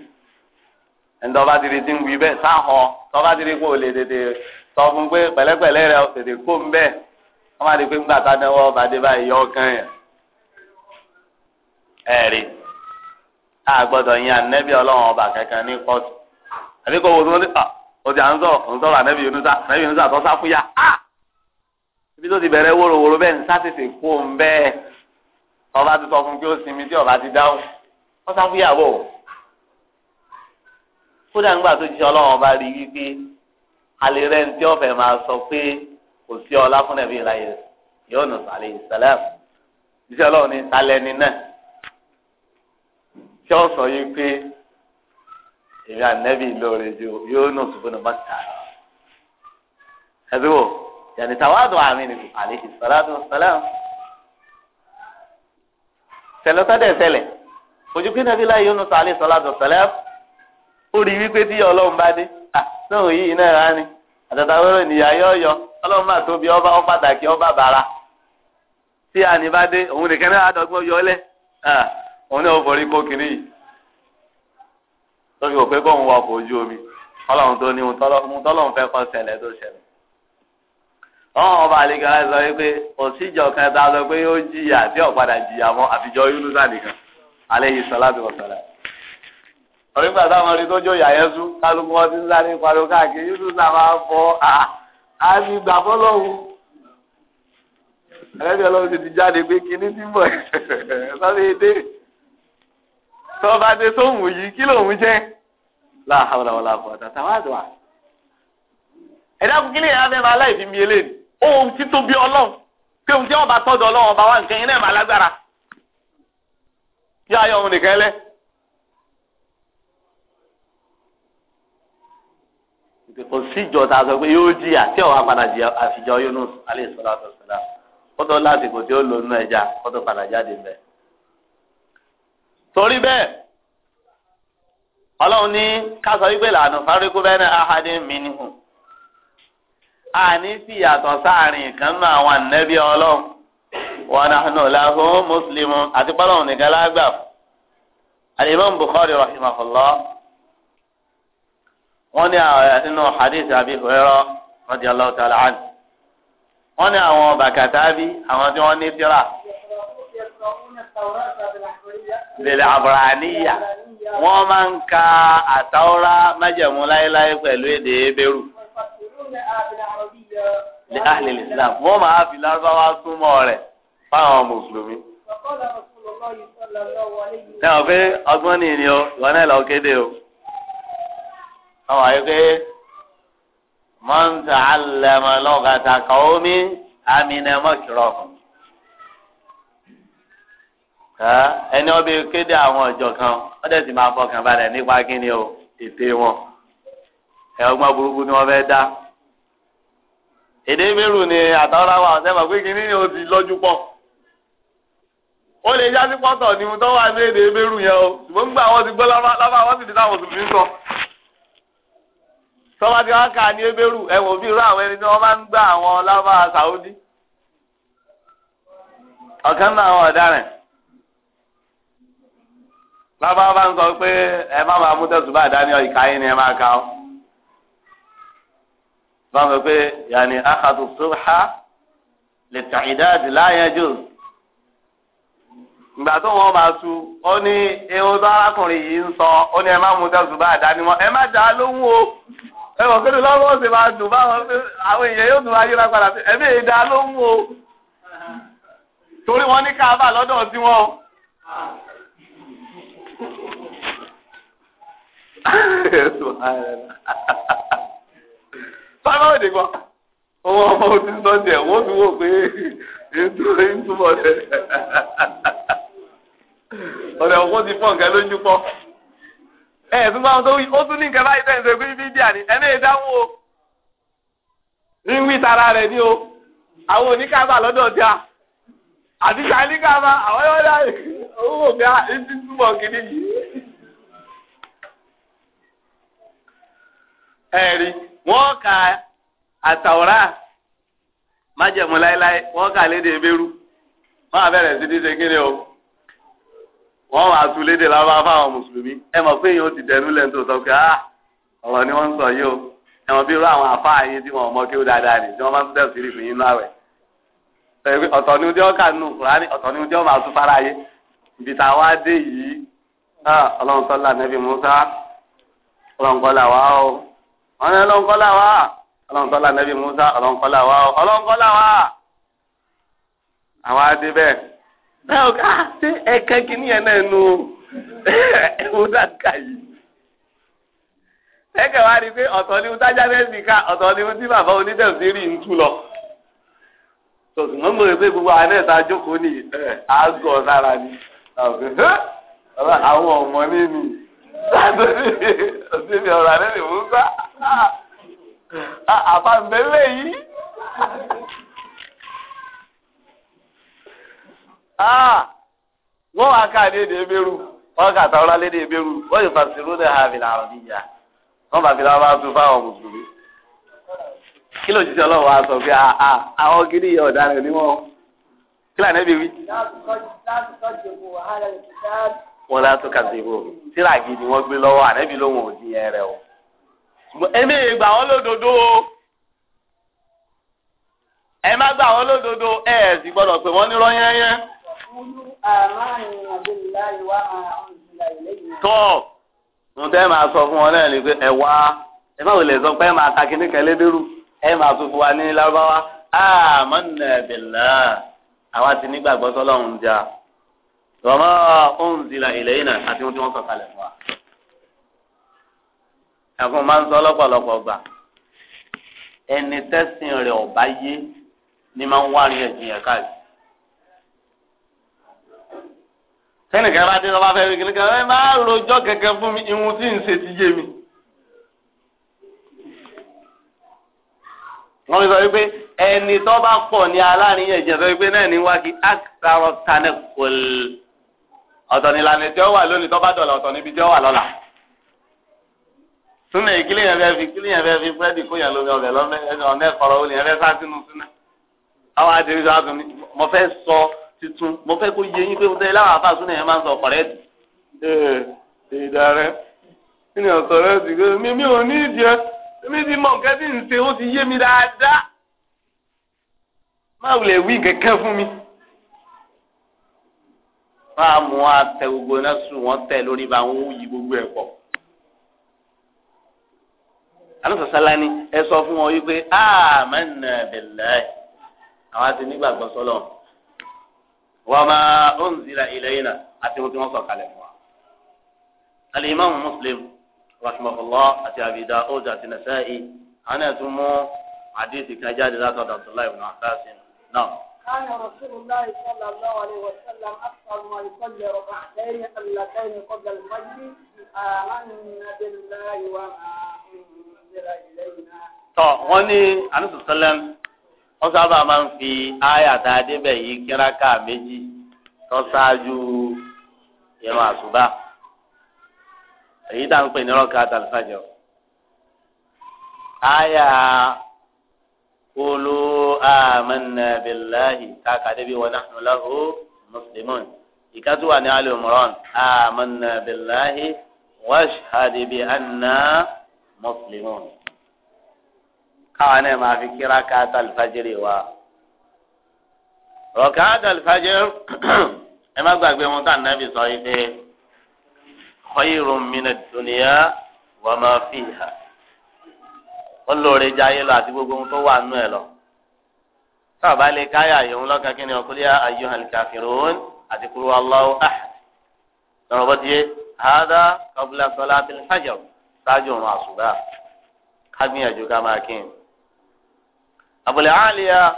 ẹni sọ fún pé pẹ̀lẹ́pẹ̀lẹ́ rẹ ọ̀sẹ̀ tè kó ń bẹ́ẹ̀ wọ́n máa di pé ńgbà tádẹ́wọ́ bàdé báyìí yọ ọkàn yẹn. ẹ̀rí a gbọ́dọ̀ yin ànẹ́bí ọlọ́run ọba kankan ní kóòtù àbí kò wọ́n ní ọ̀sẹ̀ à ń sọ ń sọ̀rọ̀ ànẹ́bí yunusa ànẹ́bí yunusa tó sá fún ya ibi tó ti bẹ̀rẹ̀ wóróworó bẹ́ẹ̀ ń tètè kó ń bẹ́ẹ̀ ọba ti sọ fún pé ó sinmi tí ọba ti dáhùn ó sá fún yàwó kódà ńgbà tó jí ọlọ́run ọba rí wípé alẹ́rẹ́ ní tí wọ́n fẹ́ máa sọ pé kò sí ọlá fún nàbí ìlàyé yọ̀ọ̀nù sàlẹ̀ ìsàlẹ̀ iṣẹ́ ọlọ́run ní talẹ́ni náà tí wọ́n sọ yìí pé èmi ànẹ́bí lóore ju yọ̀ọ̀nù sùgbọ́n mọ́tà ẹ̀dúwò yàtì tàwádùn àmì nìkú àlẹ́ ìsàlẹ̀ ìsàlẹ̀ tẹ̀lẹ́tọ́dẹ̀ tẹ̀lẹ̀ ojú pé nàbí ìlàyé yọ̀ọ̀nù sàlẹ̀ ìsàlẹ̀ ó rí wípé tí ọlọ́run bá dé ah, náà yìí náà rání àtàtà wẹ́rọ ènìyàn ayé ọ̀yọ́ ọlọ́run tóbi ọba ọ̀pàtàkì ọba bàrà tí àní bá dé òun nìkan náà àdọ́gbọ́n yọ òun náà forí kó kiri yìí lórí òpé kóun wọ ojú omi ọlọ́run tó ní ohun tọ́lọ́run fẹ́ kọ́ ṣẹlẹ̀ tó ṣẹlẹ̀ ọ̀hún ọba àlekà sọ pé òsíjọ kan tá a sọ pé ó jìyà tí ọ̀padà jìyà mọ́ àfijọ́ yúnúsà nìkan alẹ́ yìí sọ láti wọ̀ sọ̀rọ̀ orí gbà táwọn orí tó jó yàyẹ sú kálukú wọn ti ń sáré pariwo káàkiri yusuf náà máa fọ á ní gbà fọlọ́hún ẹlẹ́dẹ̀ẹ́ lọ́wọ́ ti ti jáde pé kinní tí mọ̀ sọ́dọ̀ èdè tọ́ba dé sóhùn yìí kí lòun jẹ́ láhàwọ̀làwọ̀là àbọ̀dà táwọn àdùn à. ẹ̀dá kúkí lè yára fẹ́ẹ́ máa láì fi mi eléyìí ohun títóbi ọlọ́run pé ohun tí wọ́n bá tọ́jú ọlọ́run ọba wa nǹkan yẹn náà máa lágbára. yá ayọ̀ òun nìkan ẹlẹ́ kò síjọ tá a sọ pé yóò jìyà tí ọ̀wá àfijọ́ Yunus alayhi salatu wassalam kótó lásìkò tí ó lò nínú ẹja kótó padà jáde bẹ́ẹ̀. torí bẹ́ẹ̀ ọlọ́run ní ká wípé fáríkú bẹ́ẹ̀ ahadi minhum. àní sì yàtọ̀ sáàrin kan nínú àwọn ànẹ́bí ọlọ́run wa nahnu lahu Mùsùlùmí àti pọ́lọ́run nìkan lágbà. al wọ́n ní nínú hadith àbí hùwẹ́rọ́ radiyallahu ta'ala anhu wọ́n ní àwọn bàkàtàbí àwọn tí wọ́n ní tíra lèlè àbúràníyà wọ́n máa ń ka àtàwọ́rá májẹ̀mú láéláé pẹ̀lú èdè ebérù lè àlè islam wọ́n máa fi lárúbáwá súnmọ́ rẹ̀ fáwọn mùsùlùmí. náà pé ọgbọ́n nìyí o ìwọ náà lọ kéde o. ọwọ́ ayé pé mọ́ńtà alẹ́mọ̀ lọ́gàtà kàómi amínẹ́mọ́kìrọ̀ ẹni ọbẹ̀ kéde àwọn ọjọ́ kan ọdẹ sì máa fọkàn balẹ̀ nípa kíni o ète wọn ẹ̀ burúkú ni wọ́n fẹ́ dá èdè mérù ni àtàwọn àwọn pé kíní ni o ti lọ́jú pọ̀ ó lè yá sí ni mo yẹn o ṣùgbọ́n gbà ti gbọ́ wọ́n ti sọ. tọ́wọ́ tí kà ní ebéru ẹ̀wọ̀n bí irú àwọn ẹni tí wọ́n máa ń gbá àwọn Saudi ọ̀kan náà àwọn ọ̀daràn lábá bá ń sọ pé ẹ má mú ni ẹ ka ọ. wọ́n sọ pé yàní akadu subha lè tàìdáàdì láàyè jùs. ìgbà tó wọn máa su ó ní ewu tó arákùnrin yìí ń sọ ó ní ẹ má mú tẹ̀sùn bá dání o. ẹ mọ̀ pẹ̀lú lọ́wọ́ ọ̀sẹ̀ máa dùn báwọn pé àwọn èèyàn yóò tún ayéra padà sí ẹ̀mí ìdá ló mú o torí wọn ní káàbà lọ́dọ̀ sí wọn. òde kan ọmọ ọmọ òtí sọ́ọ̀dì ẹ̀ wọ́n tún wò pé ètò ìtumọ̀ rẹ̀ ọ̀dẹ̀ ọkọ̀ ti pọ̀ nǹkan lójú pọ̀. ẹ tún gbọ́n tó wí ó tún ní nǹkan báyìí tẹ̀ ń sèkú ní bíbí o ń tara ni o àwọn oníkàbà lọdọ tí a àti sàlíkàbà àwọn yóò dá ga ẹtí túbọ̀ gidi yìí. o. wọ́n wàá tu léde lábá fáwọn mùsùlùmí ẹ mọ̀ pé èèyàn ti dẹnu lẹ́nu tó sọ pé ah ọ̀rọ̀ ni wọ́n ń sọ yìí o ẹ mọ̀ bí irú àwọn àfáà yín tí wọ́n mọ̀ kí ó dáadáa nì tí wọ́n bá ń tẹ̀ sí ìrìfì yín láwẹ̀ ọ̀tọ̀ ni ojú ọ̀kà nù kùránì ọ̀tọ̀ ni ojú ọ̀mà tún fara yé ibi tá a wá dé yìí ah, ọlọ́run sọ́lá nẹ́bí Musa ọlọ́run kọ́lá wa o wọ́n ní ọlọ́run kọ́lá wa ọlọ́run sọ́lá nẹ́bí Musa ọlọ́run kọ́lá wa o ọlọ́run kọ́lá wa àwa dé bẹ́ẹ̀ báwo ká ṣe ẹ̀ka kìíní yẹn náà nu ẹ̀wọ̀n dáka yìí ẹ̀kẹ́ wá rí i pé ọ̀tọ̀ ni tájà mẹ́sì ká ọ̀tọ̀ ni tí bàbá onídẹ̀ẹ́sì rí ń tú lọ tòsí wọn mọ̀ pé gbogbo àwọn ẹ̀ta jókòó ní àgọ́ sára ni àwọn ọmọ nínú sádọ́sí òsèlè ọ̀rọ̀ àlẹ́ lè wọ́n sá ah, àfàǹbẹ́lẹ̀ yìí. Ah, wọ́n wá ká léde ebéru wọ́n kà táwọn léde ebéru wọ́n yóò fàṣẹ lóde àbílà àròbíyà wọ́n bàbí làwọn bá tún fáwọn mùsùlùmí. kí ló jíjẹ ọlọ́wọ́ wa sọ pé ah, ah, àwọn gidi yẹ ọ̀daràn ni wọ́n kí lànà bí wí. wọ́n lá tó kàdé ìbò tíra gidi wọ́n gbé lọ́wọ́ ànábì lóhùn òdì yẹn rẹ o. ẹ̀mí ìgbà wọn lódodo o ẹ má gbà wọn lódodo ẹ ẹ sì gbọ́dọ̀ pé wọn nírọ́ yẹn yẹn tọ́ mo tẹ́ máa sọ fún wọn náà ni pé ẹ wá ẹ má wòlé sọ pé ẹ máa ta kíní kan lébérù ẹ máa tún fún wa ní lárúbáwá àmọ́nà bìlá àwa ti nígbàgbọ́ sọ́lọ́run jà rọ̀mọ́ òun zìlà ilẹ̀ yìí náà àti ohun tí wọ́n sọ kalẹ̀ fún wa. ẹ̀fọn máa ń sọ lọ́pọ̀lọpọ̀ gbà ẹni tẹ́sìn rẹ̀ ọ̀bá yé ni máa ń wá rìn káàkiri. sẹ́ni kan bá dé lọ́ba fẹ́ wí kíníkan ẹ máa rojọ́ kankan fún mi irun tí ń ṣe ti yé mi. wọ́n mi sọ wípé ẹni tó bá pọ̀ ní aláàríyànjẹ sọ wípé náà ní wá kí àkàrọ̀ tanẹ̀ kò ọ̀tọ̀ ní ìlànà tí ó wà lónìí tó bá dọ̀là ọ̀tọ̀ níbi tí ó wà lọ́la. súnmọ̀ ìkílẹ̀ yẹn fẹ́ fi kílẹ̀ yẹn fẹ́ fi fúrẹ́dì kó yẹn lómi ọ̀bẹ̀ lọ́mẹ́ ọ̀nẹ́ kọ̀rọ̀ olè titun mo fẹ́ kó yé yín pé ọ̀tẹ́ láwọn afáàsùn náà yẹn máa ń sọ ọ̀kọ̀rẹ́ tì. ee ìdá rẹ kí ni ọ̀sọ̀rẹ́ ti gbé mi mi ò ní ìdíẹ mi ti mọ nǹkan tí ń ṣe ó ti yé mi dáadáa má wulẹ̀ wí kẹ̀kẹ́ fún mi. máa mú atẹ gbogbo náà sùn wọ́n tẹ̀ lórí bá wọn ó yí gbogbo ẹ̀ pọ̀. alásàsálá ni ẹ sọ fún wọn wípé àmánà billahi àwọn àti nígbàgbọ́ sọ́lọ́ọ̀ wa ma unzila ilayna àti ohun tí wọ́n sọ kalẹ̀ fún wa. alimami muslim rahimahullah àti abi daud àti nasa'i àwọn náà mú àdéhùn kan jáde látọ̀dọ̀ abdullahi ibn abbas náà. كان رسول الله صلى الله عليه وسلم أكثر ما يصلي ركعتين اللتين قبل الفجر آمنا بالله وما أنزل إلينا. طيب هوني wọ́n sábà máa ń fi áyàtà adébẹ̀ yìí kíráka méjì tó ṣáájú ìrun àṣùbà èyí tá à ń pè ní rọ́kà àtàlùfàjọ. áyà qulu amanna billahi káàkà débi wa nahnu lahu muslimun ìkátó ní Ali Imran amanna billahi washhad bi anna muslimun káwa ما في fi kíra káàtà alifájírì wa rọ̀káàtà alifájírì ẹ má gbàgbé wọn táà nàbì sọ yìí pé khayrun minad dunya wa ma fiha wọ́n lóore jáyé lọ àti gbogbo ohun tó wà nù ẹ̀ lọ sábà lè káyà yòówù lọ́kàn kí ni ọkùnrin yà ayyuhal kafirun àti kúrú Allahu ahad lọ́rọ̀ bó ti yé hada qabla salatil fajr ṣáájú òun àṣùbà ká ká máa kí n. Abul Aliya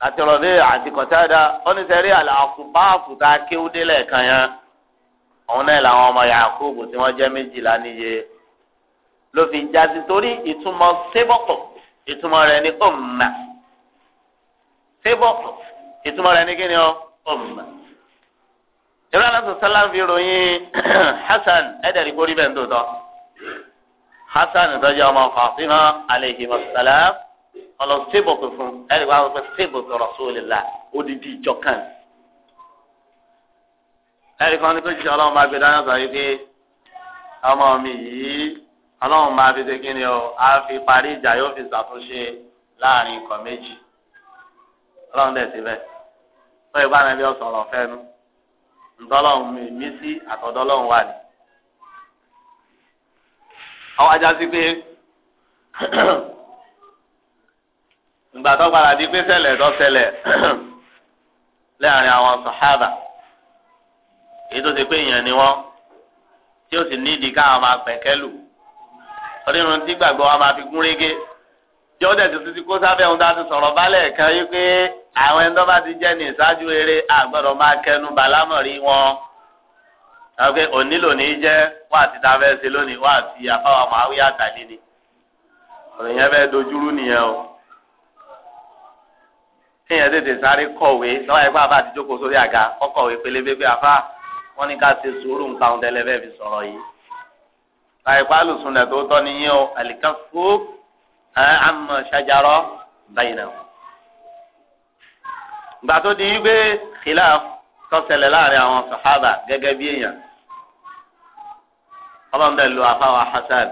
àti Rabi' àti Qatada oníṣẹ́rí àlàkùbáàfù tá a kéwú délẹ̀ kan yẹn òun náà làwọn ọmọ Yakubu tí wọ́n jẹ́ méjìlá níye ló fi jáde torí ìtumọ̀ sébọ̀kọ̀ ìtumọ̀ rẹ̀ ní ọ̀mà sébọ̀kọ̀ ìtumọ̀ rẹ̀ ní kíni ọ ọ̀mà. ìrọ̀lẹ́ náà sọ̀tàn láǹfi ròyìn Hasan ẹ̀dẹ̀rì kórìí bẹ́ẹ̀ ń dòdò Hasan tó jẹ́ ọmọ Fatima alayhi wa salam ọlọ stable pè fún ẹni wàá wọ pé stable pè Rasulillah odidi ìjọ kan ẹni kan ní kó jíjẹ ọlọ́run máa gbé dáná sọ yìí pé ọmọ mi yìí ọlọ́run máa fi ṣe kí ni o á fi parí ìjà yóò fi ṣàtúnṣe láàrin ikọ̀ méjì ọlọ́run dẹ̀ síbẹ̀ tó ìbá nàbí ọ̀sán ọ̀rọ̀ fẹ́ nu ntọ́lọ́run mi mí sí àtọ̀dọ́ wà ní. àwọn ajá sí pé ìgbà tó padà di pé ṣẹlẹ̀ tó ṣẹlẹ̀ láàrin àwọn sàhábà èyí tó ti pé èèyàn ni wọ́n tí ó sì nídìí káwọn máa pẹ̀kẹ́ lù ọdún tí gbàgbọ́ wa máa fi gún régé jọ́ dẹ̀ tó ti kó sábẹ́ ohun tá a ti sọ̀rọ̀ bálẹ̀ kan yí pé àwọn ẹni tó bá ti jẹ́ ní ìṣáájú eré àgbọ̀dọ̀ máa kẹnu bàlámọ̀rí wọn ọ̀gbẹ́ òní lónìí jẹ́ wà tí ta fẹ́ ṣe lónìí wà tí afáwọn máa wí àtàlẹ́ ni ọ̀rọ̀ yẹn fẹ́ dojúrú nìyẹn o kéèyàn tètè sáré kọ̀wé lọ́wọ́ ẹgbẹ́ àfa àti jókòó sórí àga kọ́kọ̀wé pélébé pé àfa wọn ní ká ṣe sùúrù nǹkan ohun tẹ́lẹ̀ fẹ́ fi sọ̀rọ̀ yìí. àìpá lùsùn nà tó tọ́ ni yín o àlìkà fún àmọ̀ ṣàjàrọ̀ báyìí náà. ìgbà tó di wípé khilaf tọ́sẹ̀lẹ̀ láàrin àwọn sàhábà gẹ́gẹ́ bí èèyàn. ọlọ́run bẹ́ẹ̀ lo àfa wa Hasan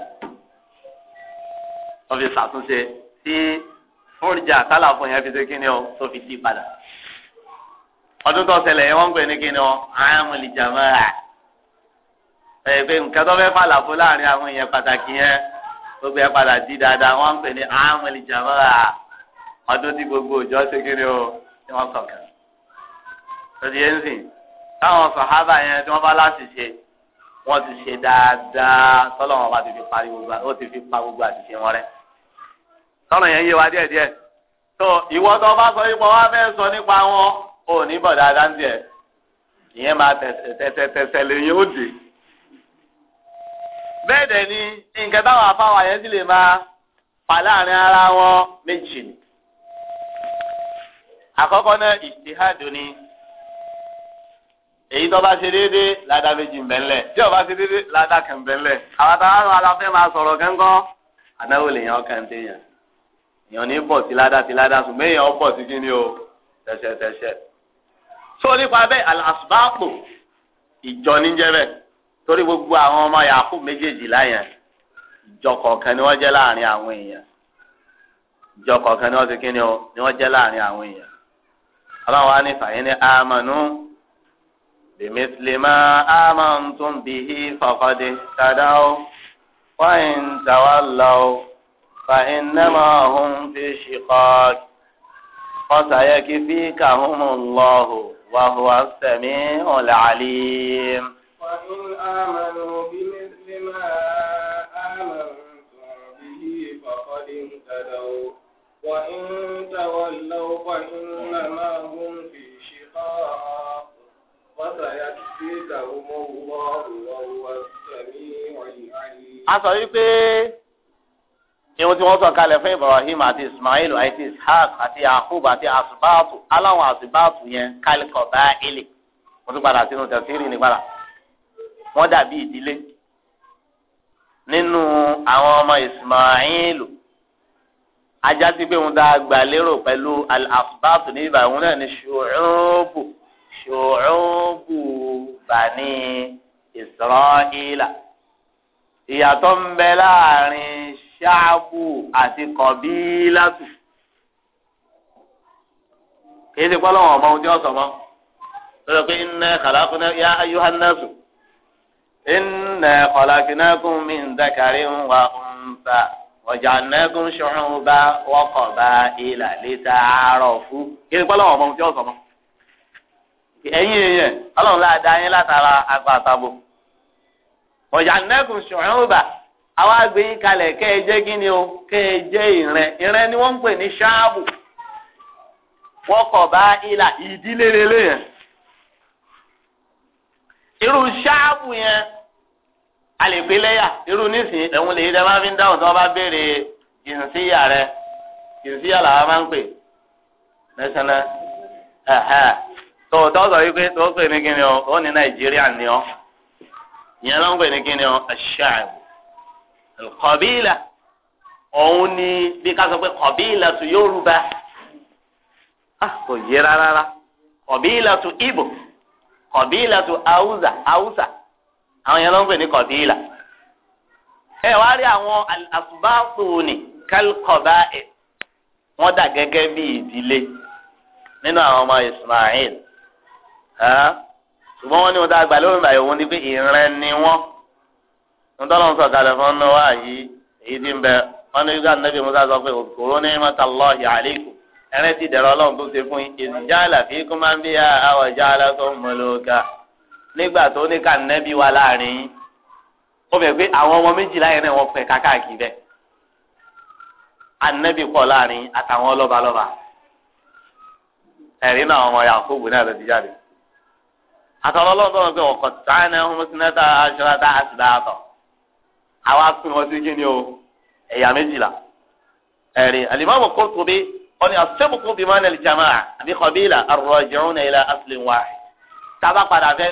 wọ́n fi ṣàtúnṣe sí fúrjà sálà fún yẹn fi ṣe kíni o tó fi sí padà ọdún tó ṣẹlẹ̀ yẹn wọ́n ń pè ní kíni o àmúlì jàmáà ẹ pé nǹkan tó fẹ́ fàlàfo láàrin àwọn èèyàn pàtàkì yẹn gbogbo ẹ padà di dáadáa wọ́n ń pè ní àmúlì jàmáà ọdún tí gbogbo òjò ṣe kíni o tí wọ́n sọ̀kan lọ́dí yẹn ń sìn táwọn sàhábà yẹn tí wọ́n bá láti ṣe wọ́n ti ṣe dáadáa tọ́lọ́wọ́n bá ti fi pa gbogbo àti tọ́nà yẹn yé wa díẹ̀ díẹ̀ tó ìwọ tó bá sọ ipò wa fẹ́ sọ nípa wọn ò ní bọ̀ dáadáa ń ìyẹn máa tẹ̀sẹ̀tẹ̀sẹ̀ lè yóò dé bẹ́ẹ̀ dẹ̀ ni nǹkan táwọn afáwọn yẹn sì lè máa pa láàrin ara wọn méjì ni àkọ́kọ́ náà ìṣèhádùn ni èyí tó bá ṣe déédéé ládàá méjì ń bẹ ńlẹ̀ tí ò bá ṣe déédéé ládàá kan ń bẹ ńlẹ̀ àwọn táwọn aláfẹ́ máa sọ̀rọ̀ gángan àdáwò lèèyàn kàn téèyàn èèyàn ní bọ̀ sí ládá sí ládá sùn méèyàn ó bọ̀ sí kí ni o tẹ̀sẹ̀tẹ̀sẹ̀. tó nípa bẹ́ẹ̀ àlàsùbáàpò ìjọ níjẹ́ bẹ́ẹ̀ torí gbogbo àwọn ọmọ yahoo méjèèjìlá yẹn ìjọ kọ̀ọ̀kan ni wọ́n jẹ́ láàrin àwọn èèyàn ìjọ kọ̀ọ̀kan ni wọ́n ti kí ni o ni wọ́n jẹ́ láàrin àwọn èèyàn. ọlọ́run wa ní fàyín ní amànú bìmísílẹ̀mà amàntúnbìhí fọ̀kọ́dé tàdáwó wáyé ń tàwa lọ́wọ́. فإنما هم في شقاق فسيكفيكهم الله وهو السميع العليم وإن آمنوا بمثل ما آمنتم به فقد اهتدوا وإن تولوا فإنما هم في شقاق وسيكفيكهم الله وهو السميع العليم ìwọ̀n tí wọ́n sọ kalẹ̀ fún Ibrahim àti Ismail àti Ishaq àti Yakub àti asibaatu aláwọn asibaatu yẹn kálíkọ̀ bá ilé wọ́n tún padà sínú tẹ̀síìrì ní padà wọ́n dàbí ìdílé nínú àwọn ọmọ Ismail ajá sí pé wọn dáa gbà lérò pẹ̀lú al-asbat níbà wọn náà ní ṣòróbù ṣòróbù bani Isra'ila ìyàtọ̀ ń bẹ láàrin ṣáàbù àti kọ̀bílátù kìí ṣe pọ́lọ́wọ́ ọmọ ohun tí mọ́ lọ́dọ̀ pé ya ayyuhan nasu inna khalaqnakum min dhakarin wa untha wa ja'alnakum shu'uban wa qaba'ila lita'arafu kìí ṣe pọ́lọ́wọ́ ọmọ ohun tí mọ́ èèyàn ọlọ́run láàdá yín látara àwa gbé yín kalẹ̀ kẹ́ ẹ jẹ́ o kẹ́ ẹ jẹ́ ni wọ́n ń pè ní ṣáàbù wọ́n kọ̀ bá ilà ìdílé yẹn irú ṣáàbù yẹn a lè irú nísìnyí ẹ̀hún lè yí máa fi ń dáhùn tí wọ́n bá béèrè rẹ ìrìnsíyà làwọn máa ń pè tó tọ́sọ̀ yìí pé o ó ní nàìjíríà ni ọ́ ìyẹn ló ń pè ní o ṣáàbù. kọ̀bílà òun ni bí ká sọ pé tu Yorùbá ah, kò yé rárá kọ̀bílà tu Ìgbò kọ̀bílà tu àwọn yẹn ló ń pè ní kọ̀bílà ẹ wá rí àwọn àtúbáàpò ní kálkọ̀bá ẹ̀ dà gẹ́gẹ́ bí ìdílé nínú àwọn ọmọ Ismail ṣùgbọ́n ní wọn ntọ́lọ́n sọ̀kalẹ̀ fún ọ wá yìí èyí ti ń bẹ wọn ní yúgá nàbí musa sọ pé òkúrò ní mọ́tàlọ́ọ̀hì àlékù ẹ̀rẹ́ ti dẹ̀rọ ọlọ́run tó ṣe fún yín ìjáàlá fi kún máa ń bí àwọn ìjáàlá tó ń mọlọ́ọ̀gá nígbà tó ní ká nàbí wa láàrin yín ó bẹ̀ pé àwọn ọmọ méjìlá yẹn náà wọ́n pẹ̀ kákàkiri bẹ́ẹ̀ ànábì pọ̀ láàrin àtàwọn ọlọ́balọ́ba ẹ̀rí náà ọmọ Yakubu náà ló ti jáde àtàwọn ọlọ́balọ́ba pé ọkọ̀ tánà ọmọ sinẹ́ta aṣọ àwa pín wọn sí kíni o ẹ̀yà méjìlá ẹ̀rí alimami Qurtubi ọni asẹ́bùkún bíi mọ́nà ìjàmá àbí kọ́bílà arọ̀jẹ̀rún náà ilà aslin wahid tába padà fẹ́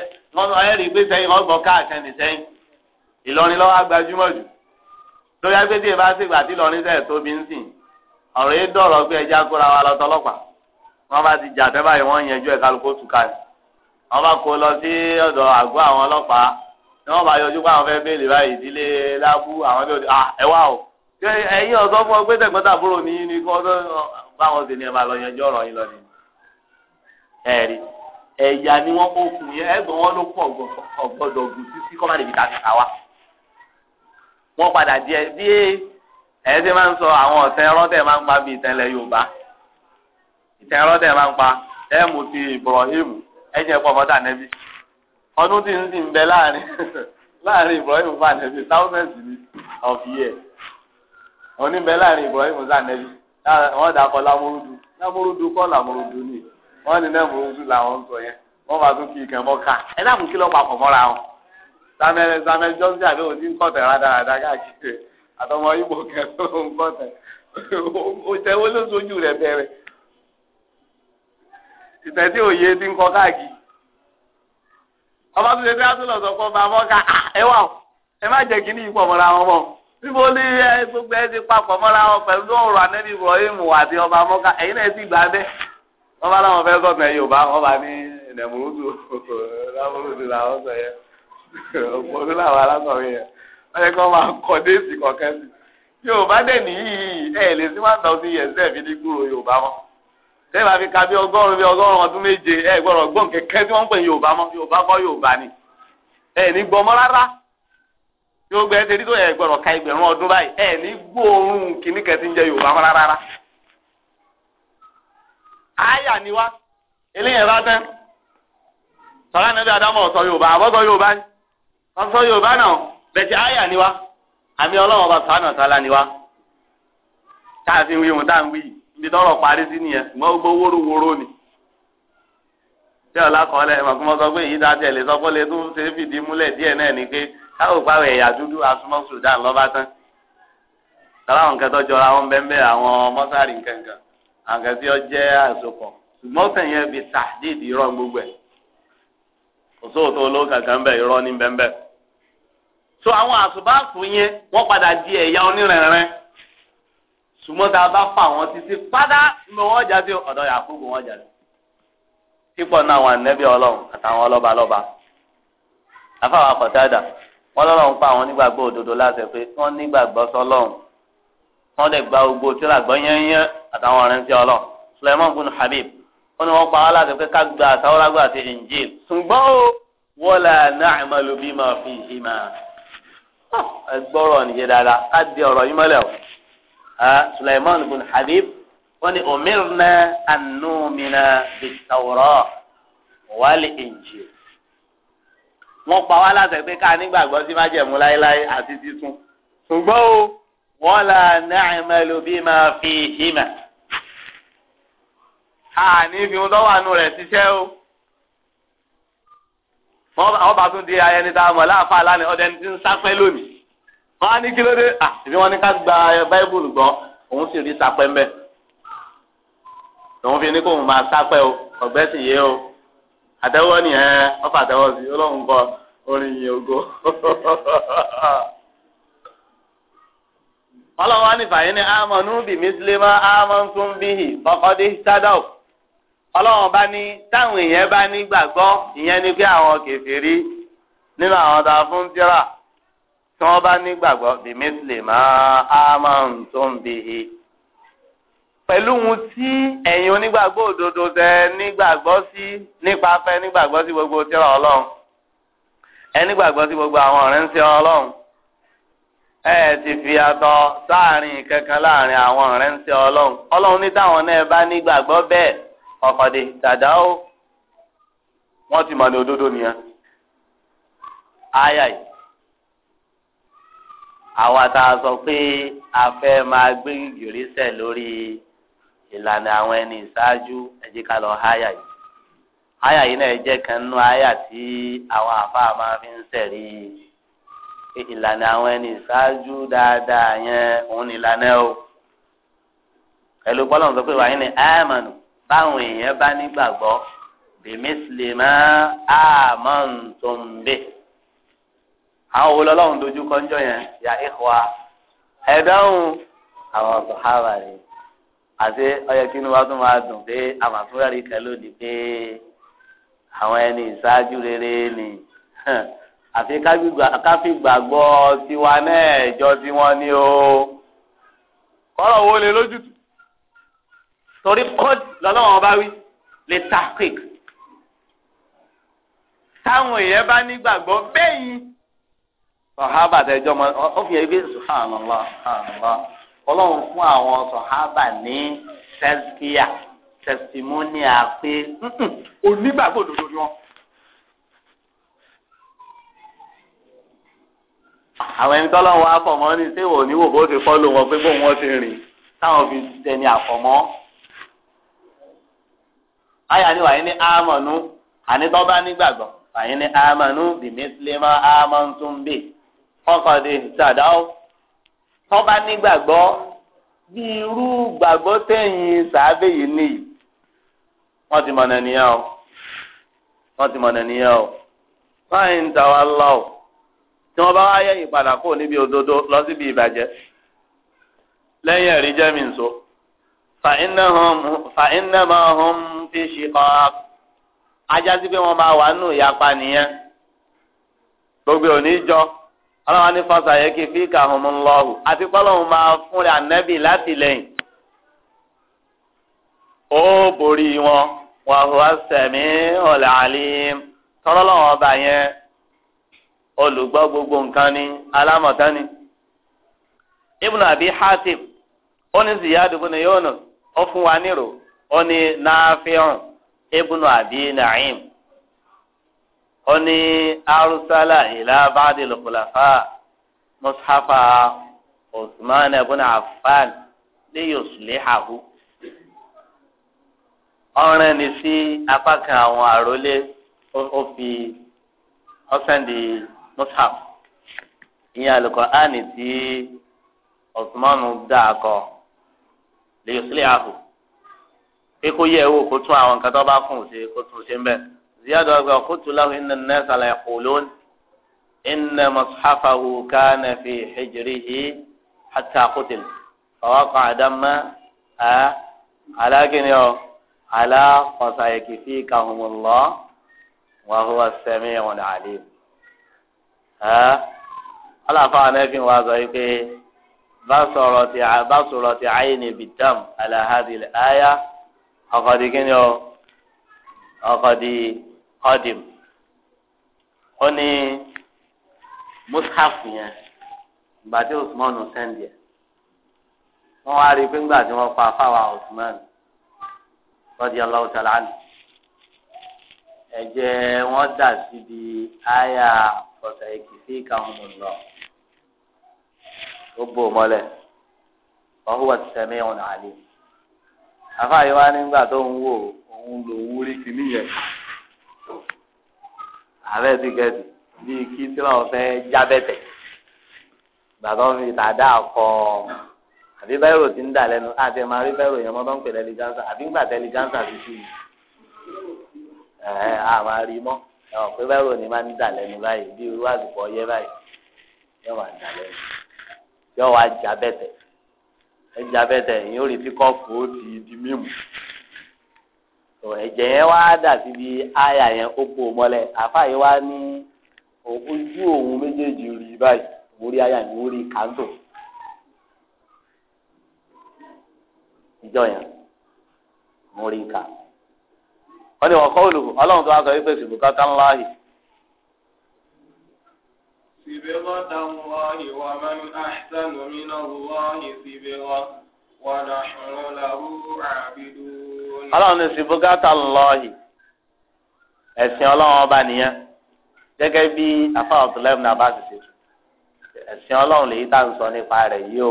ẹ̀rí gbé sẹ́yìn ọgbọ̀n káàkiri ní sẹ́yìn Ìlọrin lọ́wọ́ agbájúmọ̀ jù lórí agbẹ́dẹ́ ìbá sì gbà tí Ìlọrin sẹ́yìn tóbi ń sìn ọ̀rọ̀ yìí dọ̀rọ̀ gbé ẹja kóra wa lọ́tọ́lọ́pàá wọ́n bá bá ni wọ́n bá yọjú pé àwọn fẹ́ béèlè báyìí ìdílé lábú àwọn tó ẹ wá o ẹ̀yin ọ̀sán fún ọ pé tẹ̀gbọ́ntàbúrò ní ní kí wọ́n báwọn sì ní ẹ máa lọ yanjú ọ̀rọ̀ yín lọ ni ẹ̀rí ẹ̀yà ni wọ́n kókun yẹn ẹ̀gbọ́n wọn ló pọ̀ gbọ́dọ̀ gùn títí kọ́ má níbi tàbí ká wa. wọ́n padà díẹ̀ bí ẹ̀ ṣe máa ń sọ àwọn ọ̀sẹ̀ ẹran máa ń pa bíi ìtẹ̀lẹ̀ Yorùbá ìtẹ̀ ẹran máa ń pa ẹ̀ ti Ibrahim ẹ̀jẹ̀ pọ̀ mọ́tà nẹ́bí ọdún tí ń sì ń bẹ láàrin láàrin Ibrahim fanẹbi thousands of years oníbẹ láàrin Ibrahim sanẹbi wọn dà kọ lamurudu lamurudu kọ lamurudu ni wọn ní lamurudu làwọn sọ yẹn wọn bá tún kí ikàn ká ẹ dákun kí ló papọ̀ mọ́ra wọn Samuel Samuel Johnson àbí òun ti ń kọ̀tẹ̀ rádaràda káàkiri àtọmọ Ibo kan tó ń kọ̀tẹ̀ òtẹ̀wọ́ ló sojú rẹ̀ bẹ̀rẹ̀ ìtẹ̀tí òye ti ń kọ káàkiri ọba tó ṣe pé àtúntò sọ pé ọba mọ́ká ah, ẹ wà ó ẹ má jẹ́ kí ní ipò mọ́ra wọn mọ́ níbo ní ẹ gbogbo ẹ ti papọ̀ mọ́ra wọn pẹ̀lú ọ̀rọ̀ anẹ́bí Ibrahim àti ọba mọ́ká ẹ̀yin náà ti gbà bẹ́ẹ̀ wọ́n bá láwọn fẹ́ gọ́ọ̀mù ẹ̀yìn òbá wọn bá ní ìnẹ̀mùrúdù lámùrúdù làwọn sọ yẹn òpònú làwọn alákọ̀wé yẹn wọ́n yẹ kí wọ́n máa kọ́ déètì kọ̀ọ̀kẹ́ sí yorùbá dẹ̀ nìyí ẹ̀ lè sí one thousand years dẹ̀ fi ní gbúrò yorùbá mọ́. tẹ́lá fi ka bí ọgọ́rùn-ún bí ọgọ́rùn-ún ọdún méje ẹ gbọ́dọ̀ gbọ́n kẹ̀kẹ́ tí wọ́n ń pè Yorùbá mọ́ Yorùbá Yorùbá ni ẹ ní mọ́ yóò gbẹ ẹsẹ̀ dídò ẹ ka ọdún báyìí ẹ ní gbóòórùn kìíní kẹtí ń jẹ Yorùbá mọ́ rárá. àyà ni wá eléyìí bá tẹ́ sọlá níbi àdámọ̀ ọ̀sọ́ Yorùbá àbọ̀sọ Yorùbá ni Yorùbá náà ndị tọrọ parí sí nìyẹn mọ gbogbo wórówóró ni tí ọlá kan lẹ ẹmọ èyí ṣe múlẹ̀ ni pé ẹ̀yà dúdú asúmọ lọba tán tọ́lá àwọn nǹkan tó jọra wọn bẹ́ẹ̀ àwọn mọ́sárì tí ó jẹ́ àsopọ̀ ṣùgbọ́n sẹ̀yìn gbogbo ẹ̀ kò sóòótọ́ olówó kankan bẹ́ẹ̀ irọ́ ní bẹ́ẹ̀ bẹ́ẹ̀ so àwọn padà ṣùgbọ́n tá a bá fà wọ́n títí padà ìmọ̀ wọn jà sí ọ̀dọ̀ Yakubu wọn jà sí. pípọ̀ náà àwọn ànẹ́bí ọlọ́run àtàwọn ọlọ́ba lọ́ba afáwọn akọ̀tàdà wọn lọ́lọ́run pa àwọn nígbàgbọ́ òdodo láti pé wọ́n nígbàgbọ́ sọlọ́run wọ́n lè gba gbogbo tí wọ́n gbọ́ yẹ́nyẹ́ àtàwọn ọ̀rẹ́ ń ọlọ́ Suleiman bin Habib wọn ni wọ́n pa aláàtì pé ká gba àti Injil ṣùgbọ́n o wala سليمان بن حبيب wọ́n ní umirna an nu'mina bit-Tawrah wal-Injil. wọ́n pa wá láti pé ká nígbàgbọ́ sí májẹ̀mú láéláé àti títún. ṣùgbọ́n o wala na'malu bima fihima. a ní fi ń tọ́wọ́ àánú rẹ̀ ṣiṣẹ́ o. wọ́n bá tún di ayẹni tá a mọ̀ láàfáà lánàá ọ̀dẹ́ni tí ń sápẹ́ lónìí. wọ́n á ní kí ló dé wọn ní ká gba eh, báíbùlù òun sì rí sapẹ́ mbẹ lòun fi ní kó òun máa sápẹ́ o ọ̀gbẹ́sì yé o àtẹ́wọ́ nìyẹn eh, sí kọ orin yìí ogo ọlọ́wọ́ nífàyè bíhì bá ní táwọn èèyàn bá ní ìyẹn ni pé àwọn kèfèrí fún tíra. tí wọ́n bá nígbàgbọ́ bímísìlè ah, ah, máa á máa tó ń bihi pẹ̀lú ohun tí ẹ̀yin onígbàgbọ́ òdodo tẹ nígbàgbọ́ sí nípa afẹ́ nígbàgbọ́ sí gbogbo tírà ọlọ́run ẹ nígbàgbọ́ sí gbogbo àwọn ọ̀rẹ́ ń ṣe ọlọ́run ẹ ti fi àtọ sáàrin kankan láàrin àwọn ọ̀rẹ́ ń ṣe ọlọ́run ọlọ́run ní táwọn náà bá nígbàgbọ́ bẹ́ẹ̀ ọ̀kọ̀dé dàdá ó wọ́n ti mọ̀ ní òdodo nìyẹn. ayáyí àwa tá a sọ pé a fẹ́ máa gbé gìrìsẹ̀ lórí ìlànà àwọn ẹni ìṣáájú ẹ jẹ́ ká lọ háyà yìí háyà yìí náà jẹ́ kan nínú háyà tí àwọn àfáà máa fi ń sẹ̀rí ìlànà àwọn ẹni ìṣáájú dáadáa yẹn òun ni ìlànà o pẹ̀lú pọ́lọ́n sọ pé wàá ní àmọ̀nù báwọn èèyàn bá nígbàgbọ́ bèmísìlè máa àmọ̀ntòǹbẹ̀ àwọn wo lọ́lọ́run dojú kọ ńjọ yẹn ya ikhwa ẹ dáhùn àwọn sàhábà rẹ̀ àti ọyẹ kí ni wàá tún máa dùn pé àmàtúrà rí kan lónìí pé àwọn ẹni ìṣáájú rere ni àfi káfí gbàgbọ́ tiwa náà ìjọ tí wọ́n ní o kọ́rọ̀ wo lè lójútùú torí kọ́ọ̀dì lọ́lọ́run ọba wí lè ta kéèkì táwọn èèyàn bá nígbàgbọ́ bẹ́ẹ̀ yìí sọ̀hábà tẹjọ́ mọ́ ọ fi hàn pé sọ̀hánàlá sọ̀hánàlá ọlọ́run fún àwọn sọ̀hábà ní tẹ́síkíyà tẹsitimóníà pé onígbàgbọ́ òdodo ni wọ́n. àwọn ẹni tọ́lọ́ wọn afọ̀mọ́ ní sẹ́wọ̀n oníwò bó ti fọ́lù wọn pé bóun wọ́n ti rìn táwọn fi dẹni àfọ̀mọ́. àyà ni wàá ní àmọ̀nú ànítọ́ bá nígbàgbọ́ wàá ní àmọ̀nú bìmísílẹ́mọ́ àmọ̀ntúnbẹ̀ ọkàn ìṣàdá ó wọ́n bá nígbàgbọ́ bí irú gbàgbọ́ tẹ̀yìn sàábẹ̀ yìí nìyí wọ́n ti mọ̀nà nìyẹn o wọ́n ti mọ̀nà nìyẹn o báyìí ń tàwa lọ o tí wọ́n bá wá yẹ ìpadà kó níbi òdodo lọ síbi ìbàjẹ́ lẹ́yìn ẹ̀rí jẹ́ nso fa innama hum fi shiqaq ajá sí pé wọ́n bá wà nù ìyapa nìyẹn gbogbo òní jọ. ọlọ́wọ́n ní fọ́sà yẹ kí fíkà ọmọ ńlọ́hù àti pọ́lọ́hùn máa fúnra ànábì láti lẹ́yìn. ó borí wọn wà hùwà sẹ̀mí ọ̀là àlìm tọ́lọ́lọ́wọ́n ọba yẹn olùgbọ́ gbogbo nǹkan ni alámọ̀tán ni. ibn abi hatim ó ní ziyadu ó fún wa nírò ó ní abi ó ní arusala ìlà bàdìl kùlàfà mùsàfà usman ibn affan lè yuslihahu ọ̀rẹ́ ni sí apá kan àwọn àrólé ó fi ọ̀sẹ̀ndì mùsàf ìyẹn Al-Qur'ani tí usman dà kọ lè yuslihahu pé kó yẹ owó kó tún àwọn nǹkan tó bá kùn sí kó tún ṣe ń bẹ́ẹ̀. زيادة قلت له إن الناس لا يقولون إن مصحفه كان في حجره حتى قتل فوقع دم أه ولكن يو على فسيكفيكهم الله وهو السميع العليم ها آه، ألا فأنا في وظيفة بصرة عيني بالدم على هذه الآية أقد كنيو اقدي qadim ó ní mushaf yẹn ìgbà tí Usman sẹ́ndì ẹ̀ wọ́n wá rí i pé ńgbà tí wọ́n pa fáwa Usman radiyallahu ta'ala anhu ẹ̀jẹ̀ wọ́n dà síbi àyà ọ̀sẹ̀ èkìtì káwọn lọ ó bò mọ́lẹ̀ ọ̀hún wà tẹ̀mí ọ̀nà àlè àfáàyè nígbà tó ń wò òun lòún rí kìíní yẹn ààrẹ ti gẹ̀ẹ́sì bíi kí tí wọ́n fẹ́ jábẹ́tẹ̀ gbàdọ́ fi tàdá kọ àbí bẹ́rù ti ń dà lẹ́nu àti ẹ̀ máa rí bẹ́rù yẹn mọ́tò ń pè lẹ́lí jánsá àbí ńgbà tẹ́lí jánsá fi sí i ẹ̀ á máa rí mọ́ ẹ̀ wọ́n pé bẹ́rù ni máa ń dà lẹ́nu báyìí bí irú àsìkò ọyẹ́ báyìí yóò máa dà lẹ́nu yóò wá jábẹ́tẹ̀ ẹ̀ jábẹ́tẹ̀ yóò rí tí kọ́ọ̀fù ó di di mímu. ẹ̀jẹ̀ yẹn wá dà síbi àyà yẹn ó kó mọ́lẹ̀ yìí wá ní ojú òun méjèèjì rí báyìí orí àyà ni orí kàńtò ìjọ yẹn mo rí nǹkan wọ́n ní wọ́n kọ́ olùkọ́ ọlọ́run tó wá sọ wípé ṣùgbọ́n ká tán láàyè. ọlọ́run ní sibogata lọ́ọ̀hì ẹ̀sìn ọlọ́run ọba nìyẹn gẹ́gẹ́ bí afa ọ̀túnlẹ́mù náà bá ti ṣe ẹ̀sìn ọlọ́run lèyí tá à ń sọ nípa rẹ̀ yìí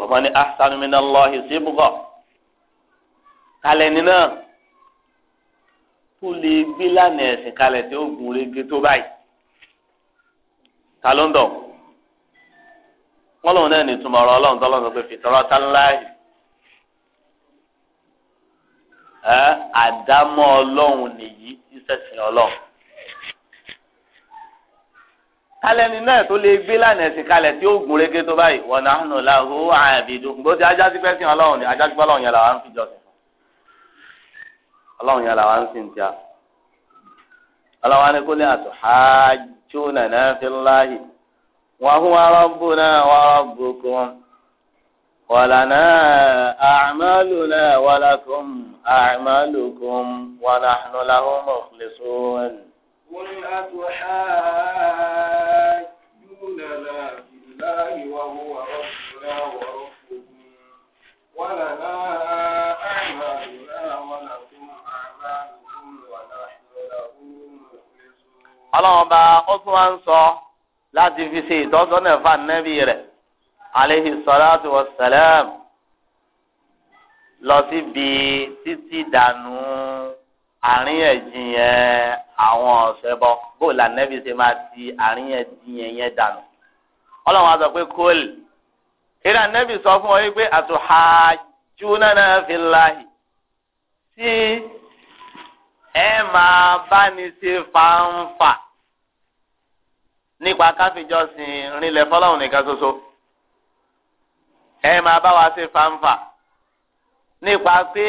o wọ́n ní asanumina lọ́ọ̀hì síbùgọ̀ kalẹ̀ nínú tó lè gbé lánàá ẹ̀sìn kalẹ̀ tí ó gùn régé tó báyìí ta ló lòun náà ní ìtumọ̀ ọlọ́run tọ́lọ́run sọ pé fìtọ́rọ́ tá ńlá àdámọ́ ọlọ́run nìyí sísẹ̀sìn ọlọ́run. kálẹ́ni náà tó lè gbé lánàá ẹ̀sìn kalẹ̀ tí ó gùn régé tó báyìí wa nahnu lahu abidun ti ajá sí fẹ́sìn ọlọ́run ni ajá sí fọ́lọ́run yẹn làwọn fi jọsìn fún ọlọ́run yẹn làwọn ń sìn ọlọ́run ni kó lè atuhajjunana ولنا أعمالنا ولكم أعمالكم ونحن له مخلصون قل أتحاجوننا في الله وهو ربنا وربكم ولنا أعمالنا ولكم أعمالكم ونحن له مخلصون. الله أكبر أصلا صح لا تنفسي تصنع فالنبي رأي aleyhi salatu wa salam lọ síbi títí dànù àríyànjiyàn àwọn ọ̀sẹ̀ bọ́ bó la nẹ́bí ṣe máa ti àríyànjiyàn yẹn dànù ọlọ́run á sọ pé kóòlì ìlà nẹ́bí sọ fún ọ yìí pé àtúhàjúnánà fìláhì tí ẹ máa bá ní ṣe fáńfà nípa káfíjọ́sìn rinlẹ̀ fọlọ́run nìkan ṣoṣo ẹ máa wa ṣe fanfa nípa pé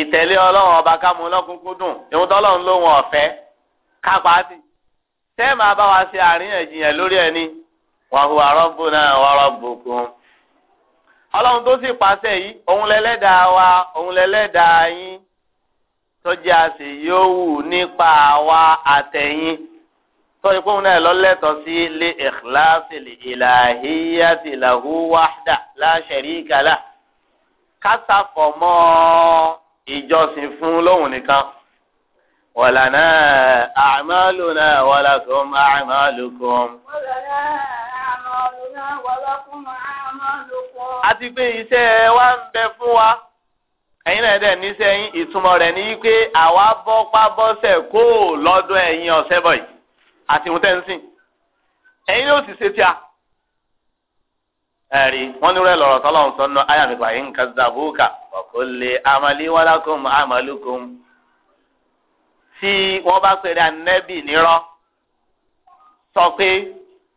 ìtẹ̀lé ọlọ́run ọba kámú lọ́kúnkúndùn ìhun tọ́lọ́run ló wọn ọ̀fẹ́ kápá sí tẹ́ máa bá wa ṣe àríyànjiyàn lórí ẹni wàhù àrọ́bùnà wàrọ́bùkún ọlọ́run tó sì pàṣẹ yìí òun lẹ́lẹ́dàá wa òun lẹ́lẹ́dàá yín tó jẹ́ àṣeyọ́wù nípa àwa àtẹ̀yìn tọ́ ikú òun náà lọ́lẹ́tọ̀ sí lé ìkíláàsì ìlàhíyàtì lahu wahda la sharika lah kásàfọ̀ mọ́ ìjọsìn fún lóhùn nìkan wàlànà àmàlùnà wàlàkùn àmàlùkùn. wàlànà àmàlùnà wàlàkùn àmàlùkùn. àti pé iṣẹ́ wa ń bẹ fún wa ẹ̀yin náà dẹ̀ níṣẹ́ ìtumọ̀ rẹ̀ ni pé àwa bọ́ pábọ́sẹ̀ kó lọ́dọ̀ ẹ̀yin ọ̀sẹ̀ bọ̀ yìí. àti ìhun tẹ́ǹsìn ẹ̀yin ló sì ṣe tí a. ẹ̀rí wọ́n ní rẹ̀ lọ́rọ̀ tọ́lọ́run sọ nǹkan zabuka ọ̀kọ́ lè amali walakum amalukum. tí wọ́n bá pèrè ànẹ́bì nírọ́ sọ pé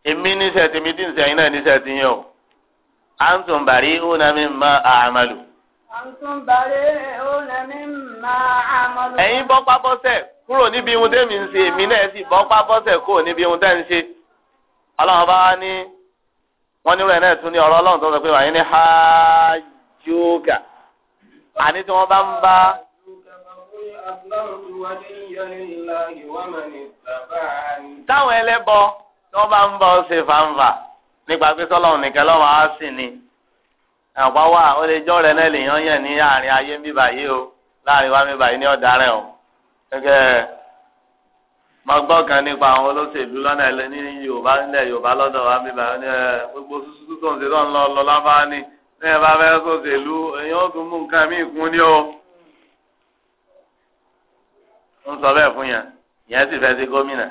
èmi níṣẹ́ tèmi yín náà níṣẹ́ tí yín o. antum bari'una a'malu. a'malu. ẹ̀yin bọ́ kúrò níbi ihun tẹ́mi ń ṣe èmi náà sì bọ́ pábọ́sẹ̀ kúrò níbi ihun tẹ́mi ṣe ọlọ́run bá ní wọ́n nírò ẹ̀ tún ní ọ̀rọ̀ ọlọ́run tó sọ pé wàá ní hajjuka àní tí wọ́n bá ń bá. táwọn ẹlẹ́bọ tí wọ́n bá ń bọ́ ṣe fanfa nípa pé sọ́lọ́run nìkan lọ́wọ́ á sì ni àpá wà ó lè jọ́ rẹ̀ náà lèèyàn yàn ní àárín ayé mi báyìí o láàrin wa mi báyìí ní ọ̀daràn o gẹ́gẹ́ máa nípa àwọn olóṣèlú lọ́nà ilẹ̀ ní yorùbá nílẹ̀ yorùbá lọ́dọ̀ wa mi bàá gbogbo súsú tó ń ṣe lọ́nà lọ lábáá ní ní ẹ bá fẹ́ sọ̀ṣèlú èyàn ó tún mú nǹkan mí kún ní o. ń sọ bẹ́ẹ̀ fún yẹn sì fẹ́ sí gómìnà.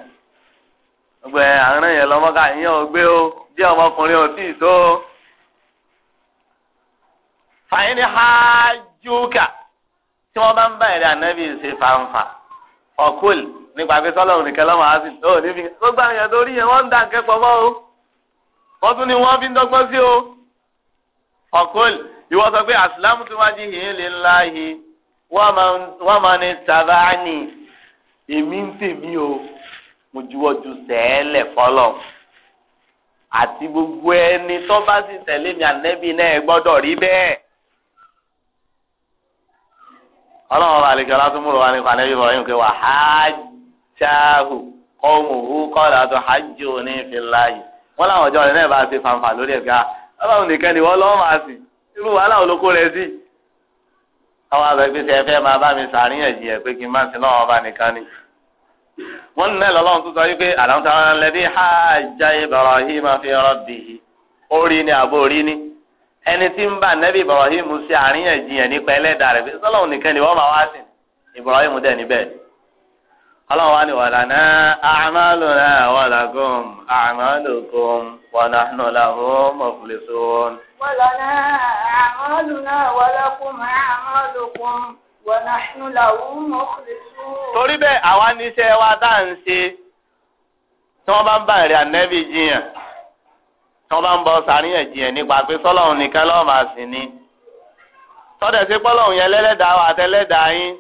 gbogbo àárín yẹn lọ́mọ́ká ìyẹn ò gbé o jẹ́ ọmọkùnrin ò tí ì tó o. fàyín ni tí wọ́n bá ń bá ẹ̀rẹ́ ànábì ṣe fanfa ọ̀kúl nípa pé sọ́lọ́run nìkan lọ́mọ asin ó níbi gbogbo àwọn èèyàn tó rí yẹn wọ́n ń dà kẹ́kọ̀ọ́ mọ́ o wọ́n tún ní wọ́n fi ń dọ́gbọ́n sí o ọ̀kúl ìwọ sọ pé àsìlámù tí wọ́n jí yìí lè ńlá yìí wọ́n máa ní tàbáàní èmi ń tèmi o mo juwọ́ ju sẹ́ẹ̀lẹ̀ fọlọ́ àti gbogbo ẹni tó bá sì tẹ̀lé mi ànẹ́bí náà gbọ́dọ̀ rí bẹ́ẹ̀. ọlọ́run ọba àlejò alátúmúrò wa nípa níbi Ibrahim pé wà hájáhù ọmọhu kọ́lá tó hájú ní fìláyì wọ́n láwọn ọjọ́ rẹ̀ náà bá ṣe fanfà lórí ẹ̀ka ọlọ́run nìkan ni wọ́n máa irú olóko rẹ̀ sí. àwọn máa bá mi pé kí n sin náà ọba nìkan ni. wọ́n ní náà tó sọ wípé Ibrahim fi ni àbó orí ni. ẹni tí ń bá nẹ́bí Ibrahim ṣe àríyànjiyàn nípa ẹlẹ́dàá rẹ̀ fi sọ́lọ́hún nìkan ni wọ́n máa wá sí Ibrahim dẹ̀ níbẹ̀. ọlọ́run wa ni wàlá náà àmàlùnà na àmàlùkùn wàlà nàlàhùn mọ̀fìlẹ́sọ̀n. wàlá náà àmàlùnà wàlàkùn àmàlùkùn na nàlàhùn mọ̀fìlẹ́sọ̀n. torí bẹ́ẹ̀ àwa níṣẹ́ wa dá ń ṣe tí wọ́n bá ń bá ìrìn ànẹ́bí jiyàn. tí wọ́n bá ń bọ sàríyànjiyàn nípa pé sọ́lọ́run nìkan lọ́wọ́ máa sìn ni tọ́dẹ̀ sí pọ́lọ́run yẹn lẹ́lẹ́dàá wa yín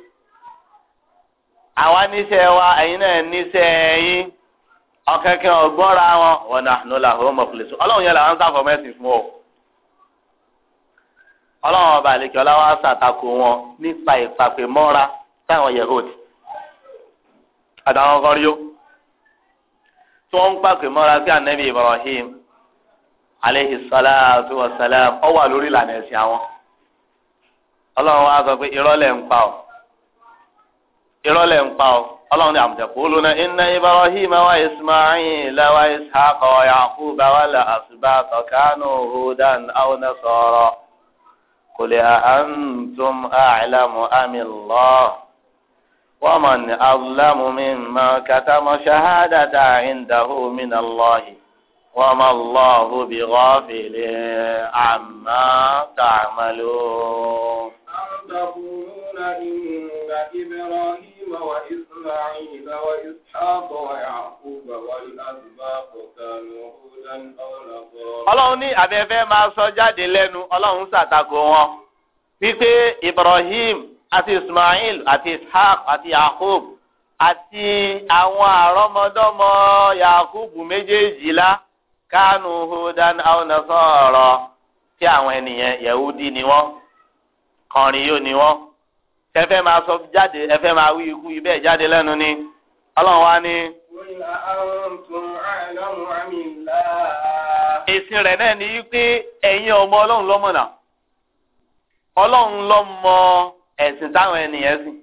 àwa níṣẹ́ wa ẹ̀yin náà níṣẹ́ yín ọ̀kẹ́kẹ́ ọ̀gbọ́nra wọn wọn náà ló la hó mọ̀kùlẹ́sù ọlọ́run yẹn làwọn ń sáfọ̀ fún ọ. ọlọ́run ọba àlekí ọláwá wọn nípa táwọn àtàwọn ó tí ń sí Ibrahim aleyhi salatu wa salam ọ wà lórí ìlànà ẹ̀sìn àwọn ọlọ́run wa sọ pé ìrọ́lẹ̀ ń pa ọ́ ìrọ́lẹ̀ ń pa ọ́ ọlọ́run ní àmùtẹ̀kùlùnà inna ibrahim wa ismail wa ishaq wa yaqub wa la asbata kanu hudan aw nasara qul antum a'lamu am Allah wa man azlamu mimman katama shahadata indahu min Allah. وما الله بغافل عما تعملون أم تقولون إن إبراهيم وإسماعيل وإسحاق ويعقوب والأسباط كانوا هودا أو نصارى Ọlọ́run ní abẹ́fẹ́ máa sọ jáde lẹ́nu Ọlọ́run ṣàtakò wọn wípé Ibrahim àti Ismail àti Ishaq àti Yaqub àti àwọn àrọ́mọdọ́mọ Yaqub méjèèjìlá. kánú húdán àwọn nasọ́ọ̀rọ̀ tí awọn eniyan yahudi ni won kọrin yóò ni wọ́n tẹ́fẹ́ máa sọ jáde ẹ̀fẹ́ máa wí ikú ibẹ̀ jáde lẹ́nu ni ọlọ́run wá ni èsì rẹ̀ náà ni wípé ẹ̀yin ọmọ ọlọ́run lọ́mọ náà ọlọ́run lọ́mọ ẹ̀sìn táwọn ènìyàn sìn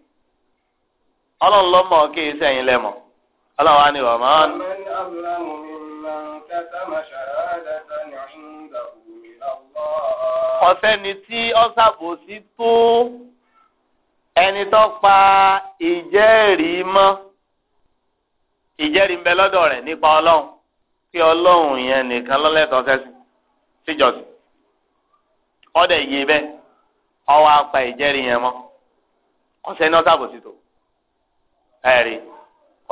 ọlọrun kí من كتم شهادة عنده من الله ọ̀sẹ́ni tí ọ̀sàbòsí tó ẹni tó pa ìjẹ́rìí mọ́ ìjẹ́rìí ń bẹ lọ́dọ̀ rẹ̀ nípa ọlọ́run tí ọlọ́run yẹn nìkan lọ́lẹ́tọ̀ọ́ sẹ́sìn síjọsìn ọ̀dẹ̀ yé bẹ́ẹ̀ ọwọ́ apá ìjẹ́rìí yẹn mọ́ ọ̀sẹ́ni ọ̀sàbòsí tó ẹ̀rí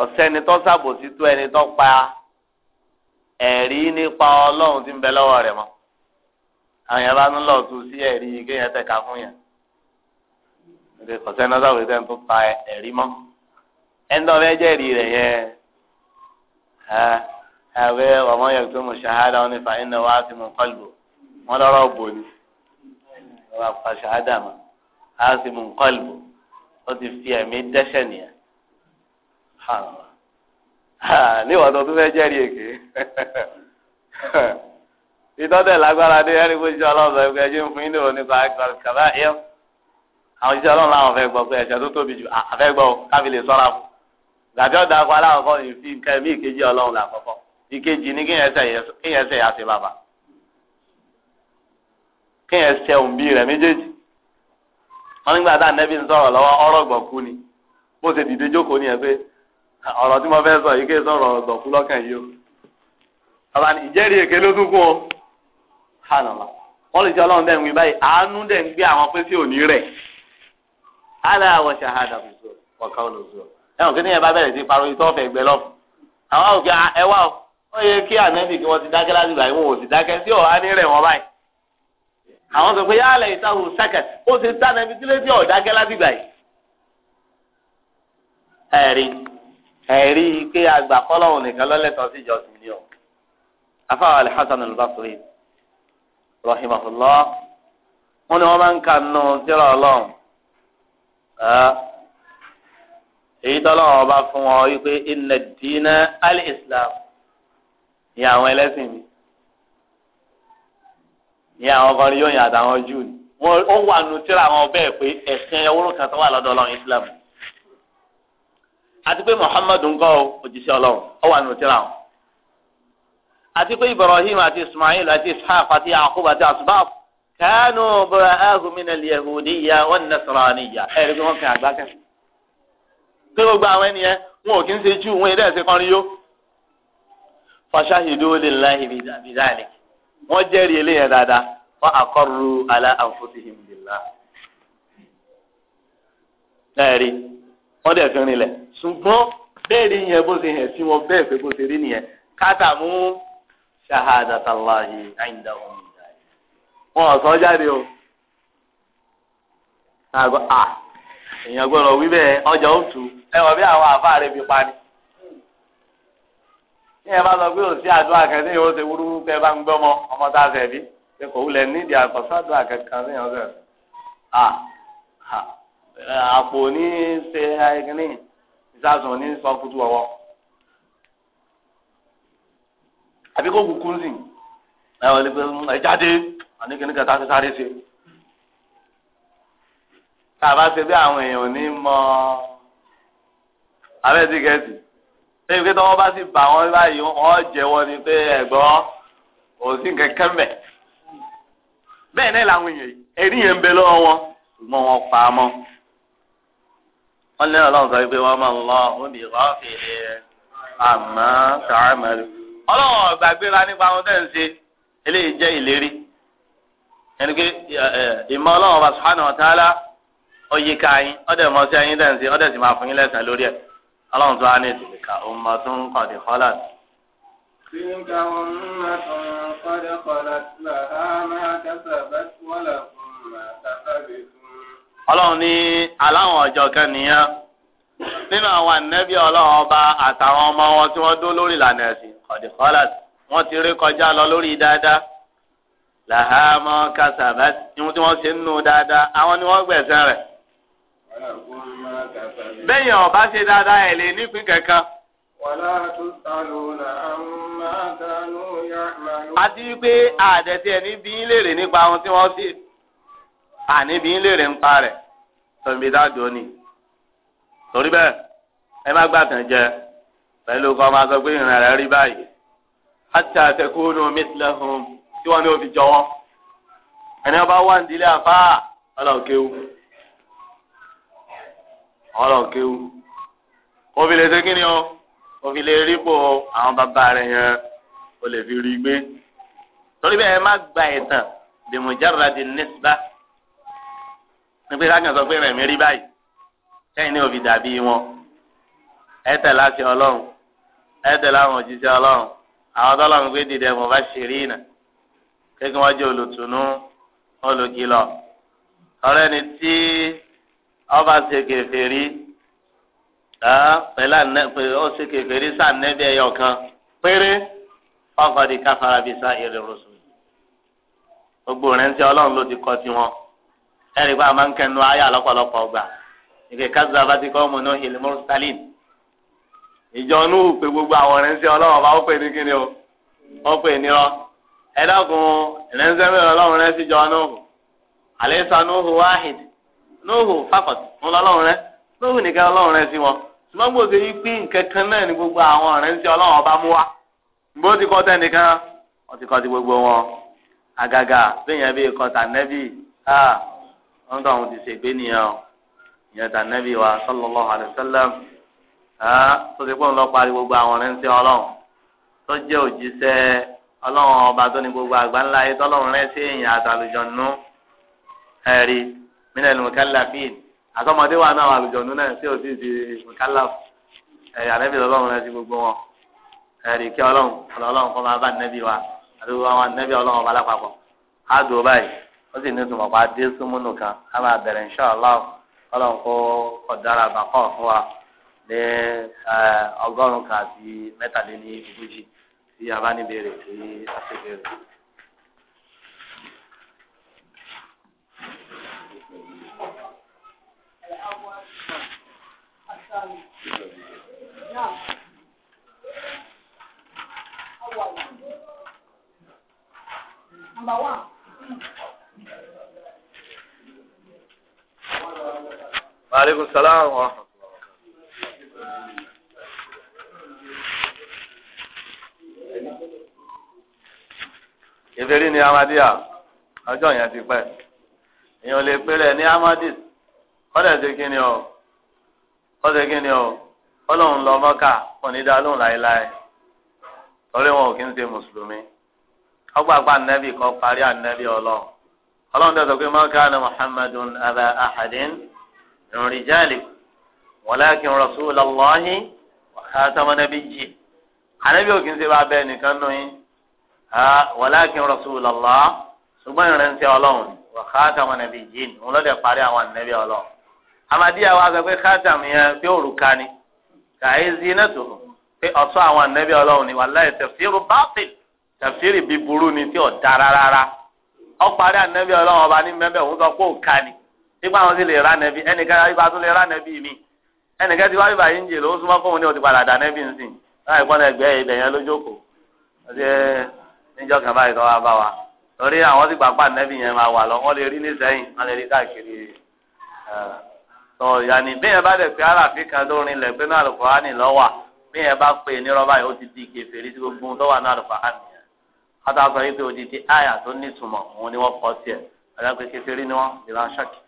ọ̀sẹ́ni tó sàbòsí tó ẹni tó pa ẹ̀rí nípa ọlọ́run tí ń bẹ lọ́wọ́ rẹ̀ mọ́ àwọn yẹn bá ń lọ tu sí ẹ̀rí kéèyàn tẹ̀ka fún yẹn èdè kọ̀sẹ́ náà sáwọ́ ìdẹ́n tó pa ẹ̀rí mọ́ ẹ̀ńdọ́ bẹ́ẹ̀ jẹ́ ẹ̀rí rẹ̀ yẹn ẹ̀wẹ́ ọmọ yẹn tó mú ṣahádà wọn nípa iná wá sí mú kọ́lù wọn lọ́rọ̀ bò ní wọn pa ṣahádà mọ́ á sì mú kọ́lù ó ti fi ẹ̀mí dẹ́ṣẹ̀ nìyẹn níwọ̀n tó tún fẹ́ jẹ́rìí èké ìtọ́tẹ̀ lágbára dé ẹni kó jíjọ́ ọlọ́run sọ ẹjẹ́ fún yín níwọ̀n nípa kàbá ẹ̀ àwọn jíjọ́ ọlọ́run làwọn fẹ́ gbọ́ pé ẹ̀ṣẹ̀ tó tóbi jù àfẹ́ gbọ́ káfí sọ́ra fún gàbí ọ̀dà akọ aláwọ̀kọ́ ìfi nǹkan mí ìkejì ọlọ́run làkọ́kọ́ ìkejì ni kíyẹn ṣe yà sí bàbá kíyẹn ṣe òǹbí rẹ̀ méjèèjì wọn nígbà tá ọ̀rọ̀ tí mo fẹ́ sọ yìí kí n sọ̀rọ̀ ọ̀dọ̀kú lọ́kàn yìí o. bàbá ni ìjẹ́rìí èké ló tún o. hànàmà wọ́n lè jẹ́ ọlọ́run dẹ̀ ń báyìí àánú dẹ̀ gbé àwọn pé sí òní rẹ̀. hálà wọ ṣàhádà fùsọ ọ̀kan olùsọ. ẹ̀wọ̀n kí níyẹn bá bẹ̀rẹ̀ àwọn sọ pé yálẹ̀ ìtawù sákẹ̀t ó ti tánẹ́bì sílé tí ọ̀dákẹ́ láti gbà yìí. ẹ̀rín ẹ̀rí pé àgbà kọ́lọ́hùn nìkan lọ́lẹ́tọ̀ sí ìjọsìn ni o afáwọn alḥasan al-basri rahimahullah wọn ni wọn máa ń ka nù síra ọlọ́run èyí tọ́lọ́run ọba fún wọn wípé inna ad-dina al-islam ní àwọn ẹlẹ́sìn mi ní àwọn kan yóò yàn àtàwọn júù ni wọn ó wà nù síra àwọn bẹ́ẹ̀ pé ẹ̀sìn ẹwúrò kan tó wà lọ́dọ̀ ọlọ́run islam àti pé muhammadu ńkọ́ òjíṣẹ́ ọlọ́run ó wà nínú tírà wọn àti pé ibrahim àti ismail àti ishaq àti yaqub àti asbab kánú bura'ahu minal yahudiyya wan nasraniyya ẹ̀rí pé wọ́n fi àgbá kẹ́ pé gbogbo àwọn ènìyàn wọn ò kí ń ṣe jù wọn ìdẹ́ẹ̀sẹ̀ kan rí yó fashahidu lillahi bidhalik wọ́n jẹ́rìí eléyẹn dáadáa wọ́n aqarru ala anfusihim billah ẹ̀rí. wọ́n dẹ̀ fi rinlẹ̀ ṣùgbọ́n bẹ́ẹ̀ ni yẹn bó ṣe hẹ̀ sí wọn bẹ́ẹ̀ pé bó ṣe rí nìyẹn káàtà mú ṣahadàtàláhi àyìndà omi wọn ò jáde o àgọ́ à èèyàn gbọ́dọ̀ wí bẹ́ẹ̀ ọjà ó tu ẹ wọ bí àwọn àfa ní ẹ bá sọ pé òsì àdúrà kan a fẹ́ bí kò wúlẹ̀ nídìí àdúrà à à. àpò ní ṣe ẹgbẹ́ni ìsásùn ní sọ kutu ọwọ́ àbí kó kúkú sí ẹ wọlé pé ẹ jáde àníkíní kẹta ti sáré ṣe tá a bá ṣe bí àwọn èèyàn ní mọ abẹ́ tíkẹ́ẹ̀tì lẹ́yìn pé tọ́wọ́ bá sì bà wọ́n báyìí wọ́n jẹ́wọ́ ni pé ẹ̀gbọ́n òsì kẹ̀kẹ́ mẹ́ bẹ́ẹ̀ náà làwọn èèyàn ẹ̀rí yẹn ń bẹ lọ́wọ́ wọn ṣùgbọ́n wọn pa á mọ́ wọ́n lé ọlọ́run sọ pé wọ́n máa ń lọ òun bí wọ́n fi àmọ́ sàmẹ́lì. ọlọ́run ọ̀gbàgbéra nípa ohun tẹ́ ń ṣe eléyìí jẹ́ ìlérí ẹni pé ìmọ̀ ọlọ́run ọba subhanahu wa ta'ala ọyẹ káyín ọdẹ mọ sí ẹyin dẹ́n sí ọdẹ sì máa fún yín lẹ́sàn lórí ẹ̀ ọlọ́run tó wá ní ìdílé ká òun mọ tó ń kàn dé kọ́lá. تلك أمة قد خلت لها ما كسبت ولكم ما كسبتم ọlọ́run ní aláwọn ọjọ́ kan nìyẹn nínú àwọn ànẹ́bí ọlọ́run ọba àtàwọn ọmọ wọn tí wọ́n dó lórí ìlànà ẹ̀sìn kọ̀dìkọ́lá wọ́n ti rí kọjá lọ lórí dáadáa làhámọ́ kásábà ihun tí wọ́n ṣe ń nu dáadáa àwọn ni wọ́n gbẹ̀sẹ̀ rẹ̀. bẹ́ẹ̀ ọba ṣe dáadáa ẹ̀ lè nípín kankan. wàlá tusaluna amma kanu ya'malu. àti pé àdẹ̀tẹ̀ ní bí ń lèrè nípa ohun tí wọ́n ṣe àníbi ń lèrè ń pa rẹ̀ tọ́nbi dájú ó ní. torí bẹ́ẹ̀ ẹ má gbàtàn jẹ pẹ̀lú kọ́ máa sọ pé ìrìn rẹ̀ rí báyìí. àti àtẹkùnú mísìlẹ̀hùn tí wọ́n ní òfin jọ wọ́n. ẹni ọba wà nídìílé àfáà ọlọ́ọ̀kéwu. ọlọ́ọ̀kéwu. òfin lè ṣe kí ni o òfin lè rí po àwọn bàbá rẹ̀ yẹn o lè fi rí gbé. torí bẹ́ẹ̀ ẹ má gba ẹ̀tàn bìmùjáradì nísbà nígbà kákan sọ pé rẹ̀mí rí báyìí sẹ́yìn ní òbí dàbí wọn ẹ tẹ̀lé àti ọlọ́run ẹ tẹ̀lé àwọn òjíṣẹ́ ọlọ́run àwọn tọ́lọ́run pé dìde mo bá ṣe rí ìnà kékeré wọn jẹ́ olùtùnú olùkìlọ̀ ọ̀rẹ́ ni tí ọba ṣe kèfèrí pẹ̀lú ó ṣe kèfèrí sànẹ́bí ẹyọ kan péré ọkọ̀ di káfárabíṣà ìrìn rọ̀ṣùn gbogbo rẹ̀ ń tẹ́ ọlọ́run ló ti kọ́ tiwọn. ẹ̀rí pé a máa ń kẹnu ayé lọ́pọ̀lọpọ̀ ọgbà ìgbè kásá bàtí kọ́ ọmọ náà hìlì mọ́sálìn ìjọ gbogbo àwọn rẹ̀ǹsẹ̀ ọlọ́wọ́ bá ó ní o ní ọ ẹ dákun mẹ́rin ọlọ́run rẹ̀ sí jọ nùhù àlẹ́sà nùhù wáhìd nùhù fàkọ̀t rẹ̀ nùhù nìkan ọlọ́run rẹ̀ sí wọn tó àwọn ti ṣe gbé nìyẹn o ìyẹn tà nẹ́bí wa sallallahu alaihi wasallam ẹ tó ti pọ́n lọ parí gbogbo àwọn rẹ̀ ń ṣe ọlọ́run tó jẹ́ òjíṣẹ́ ọlọ́run ọba tó ní gbogbo àgbáńlá ayé tọ́lọ́run rẹ̀ sí èèyàn àtàlùjọ̀nù ẹ̀rí mílíọ̀nù mùkálàfíìn àtọmọdé wa náà àlùjọ̀nù náà sí òsì ti mùkálàf ẹ̀yà nẹ́bí ọlọ́run rẹ̀ sí gbogbo wọn ẹ̀rí kí ọlọ́run ọlọ́run kọ́ máa bá nẹ́bí wa àti àwọn nẹ́bí ọlọ́run ọba lápapọ̀ á dùn báyìí. na sì ní ìtumọ̀ pa dé súnmúnù kan á máa ọlọ́run kó ọ̀dára àbákọ́ fún wa ní ọgọ́rùn-ún kan àti mẹ́tàléní tí a bá ní وعلیکم السلام ورحمۃ ìbéèrè ni ti pẹ́ èèyàn lè pè rẹ̀ ní amadis ọ̀dẹ̀ ṣe kí ni o ọ̀dẹ̀ kí ni o ọlọ́run lọ láéláé torí wọn ò kí ń ṣe mùsùlùmí ọgbà pa ànábì kan parí ànábì ọlọ́run. ọlọ́run tó sọ pé ma kana muhammadun aba ahadin min rijalikum walakin rasulallahi wa khatama nabiyyin ànábì òkè ń ṣe bá bẹ́ẹ̀ nìkan nù yín walakin rasulallah ṣùgbọ́n ìrìnsẹ̀ ọlọ́run wa khatama nabiyyin òun lọ́dẹ̀ parí àwọn ànábì ọlọ́run amadiya wa sọ pé khatama yẹn pé òrùka ni kàyé e zinatu pé ọ̀ṣọ́ àwọn ànábì ọlọ́run ni wàláyé tafsiru bátil tafsiri bíburú ni tí ò rárá. ọparí ànẹ́bí ọlọ́run ọba ní mẹ́bẹ̀ òun sọ pé ni Ịgba àwọn sì lè ra nẹ́bí ẹnìkan wáyé bá tún lè ra mi ẹnìkan ti wáyé bá yín jèrè ó súnmọ́ ní òtí padà dà nẹ́bí ń na láì ya àwọn gbàgbà yẹn wà lọ lè rí lè rí káàkiri yanni bí yẹn bá pé aláàfin kan tó náà bí yẹn bá pè kátà sọ yìí odidi àyà tó nítumọ̀ òun ni wọ́n kọ́ sí ẹ̀ alágbé kékeré ni wọ́n ìlà ṣọ́ọ̀kì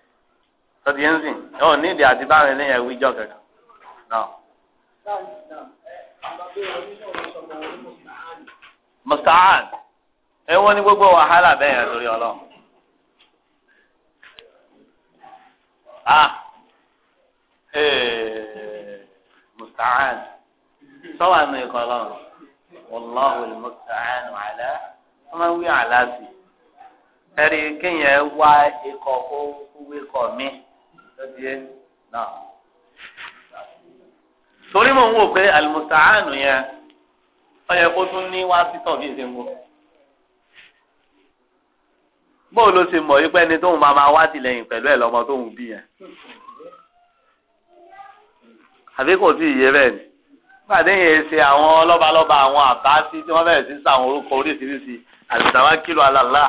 tọ́tí yẹn sìn ọ̀ ní ìdí àti báwọn ẹlẹ́yìn ẹ̀wí jọ kẹ̀kẹ́ náà. musta'an ẹ wọ́n ní gbogbo wàhálà bẹ́ẹ̀ yẹn lórí ọlọ́run. ah musta'an sọ́wọ́n àná ikọ̀ ọlọ́run wàláhùn ìmọ̀tàánù àlá wọ́n máa ń wí àlàáfì ẹ̀rí kéèyàn wá ikọ̀ kó wíkọ̀ mi lọ́dí ẹ̀ náà. torí mò ń wò pé àlùmọ̀tàánù yẹn ó yẹ kó tún ní wá sítọ̀ bí ìṣe ń wò. bóun ló ṣe mọ̀ yí pé ẹni tóun máa máa wá tìlẹ́yìn pẹ̀lú ẹ̀ lọ́mọ tóun bí yẹn àbí kò tí ì yé bẹ́ẹ̀ ni pàdé yẹn ṣe àwọn lọ́balọ́ba àwọn àbáṣí tí wọ́n bẹ̀rẹ̀ sí í sàwọn orúkọ oríṣiríṣi àlùtàwákìlù alàlá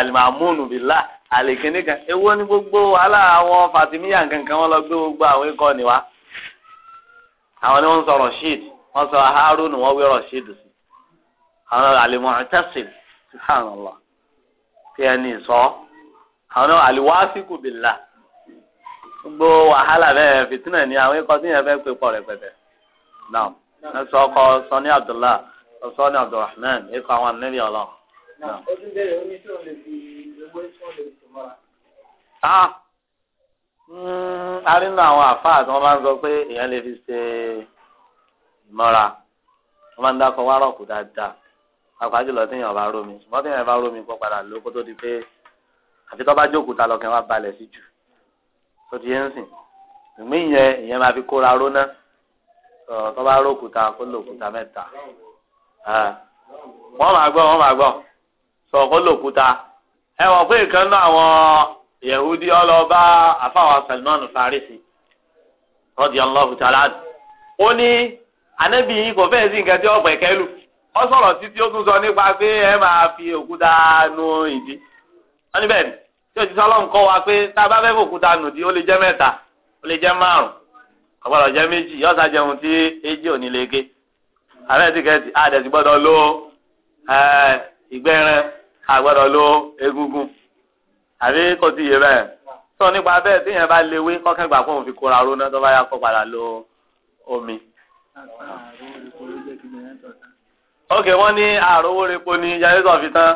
àlìmàmúnù bìlá àlèkínníkan èwo ni gbogbo wàhálà àwọn fatimiya nkankan wọn lọ gbé gbogbo àwọn ikọ̀ níwá àwọn ni wọ́n sọ Rashid wọ́n sọ Harun wọ́n wé Rashid sí àwọn àlìmọ̀tẹ́sìn subhanallah tí ẹni sọ àwọn àlìwáṣíkù bìlá gbogbo wàhálà bẹ́ẹ̀ fìtínà ni àwọn ikọ̀ tí yẹn fẹ́ pé pọ̀ rẹpẹtẹ náà ẹsọ ọkọ sọ ní Abdullah ọsọ ní Abdulrahman ikọ àwọn ànábì Ọlọ́run. Ah. Hmm, a rí nínú àwọn àfáà tí wọ́n máa ń sọ pé èèyàn lè fi ṣe ìmọ̀ra wọ́n máa ń dákọ̀ wárọ̀kù dáadáa àpájù lọ téèyàn bá rómi ṣùgbọ́n téèyàn bá rómi pọ̀ padà ló kó tó di pé àfi tó bá jókòó ta lọ́kàn wá balẹ̀ sí jù tó ti yé ń sìn ìgbín yẹn ìyẹn máa fi kóra ró tó bá rókúta kó lòkúta mẹ́ta wọ́n máa gbọ́ wọ́n máa gbọ́ sọ kó lòkúta ẹ wọ̀ pé ìkan náà àwọn yẹ̀húdí ọlọ́ba àfàwọn Salman Farisi radiyallahu ta'ala ó ní ànábì yìí kò fẹ́ẹ́ sí nǹkan tí ọ̀pẹ̀ kẹ́lù ó sọ̀rọ̀ títí ó tún sọ nípa pé ẹ máa fi òkúta nu ìdí wọ́n níbẹ̀ tí òjíṣẹ́ kọ́ wa pé tá a bá fẹ́ fòkúta nù ọgbọ́dọ̀ jẹ́ méjì yọ sá jẹun tí éjì ò ní lè gé àbẹ́ tíkẹ́ẹ̀tì àdẹ̀sí gbọ́dọ̀ lo ìgbẹ́rẹ́ àgbọ́dọ̀ lo egungun àbí kò tí yé bẹ́ẹ̀ sọ nípa bẹ́ẹ̀ téèyàn bá léwé kọ́kẹ́gbà kó òun fi kóra róná tó bá yá kó padà lo omi. ok wọ́n ní àròwó repo ni jẹ́rìsọ̀ fi tán.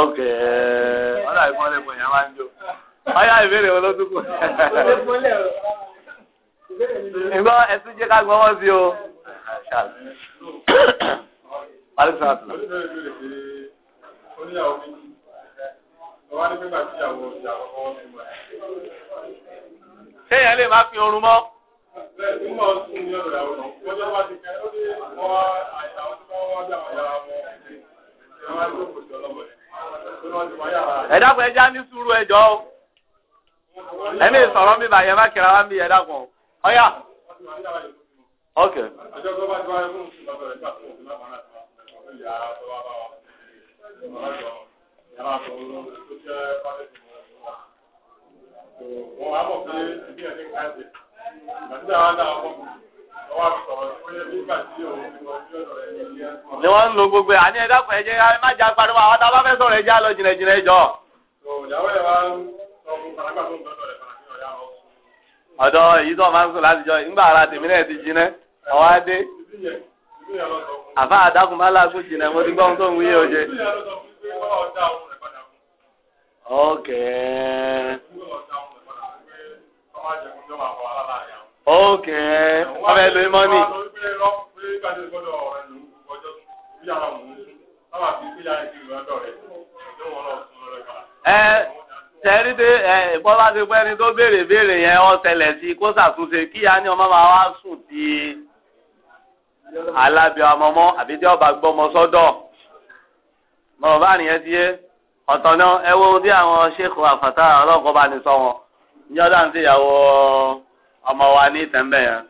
ok ọ̀dà ìfọ̀n repo yẹn máa ń jó ọyá ìbéèrè wọn ló dúkù. ìgbọ́ ẹ̀sùn jẹ́ ká gbọ́wọ́ sí o. Téèyàn lè má fi oorun mọ́. Ẹ dákun ẹ já ní sùúrù ẹjọ́ o ẹni sọ̀rọ̀ mi bàyẹ̀ má kẹra wá mi yẹ dàgbọ̀ ọ̀yà. ok. ni wọn ń lo gbogbo ẹ àní ẹ dákun ẹ jẹ ẹ má jẹ agbára wa àwọn bá fẹ́ sọ̀rọ̀ ẹ jẹ àlọ jìnnà jìnnà ẹ jọ ọ̀dọ̀ èyí tó máa ń sùn láti jọ ńgbà ara tèmi náà ti jiná ọ̀wá dé àfa àdákùn bá láàgùn jìnnà mo ti gbọ́ ohun tó ń wí yóò ṣe. ok. ọmọ ẹ mọ́nì. ẹ tẹ̀rí de ẹ bọ́lá ti pẹ́ ni tó béèrè béèrè yẹn wọ́n tẹ̀lẹ̀ sí kó ṣàtúnṣe kí ya ni ọmọ máa wá sùn di alábìá ọmọmọ àbí tí ọba gbọmọ sọ́dọ̀ mọ bá nìyẹn ti yé ọ̀tọ̀ náà ẹ wo ohun tí àwọn ṣèkò àfàtà ọlọ́kọ̀ bá ní sọ wọn ní ọ̀dà ń ṣèyàwó ọmọ wa ní ìtẹ́ńbẹ̀ yẹn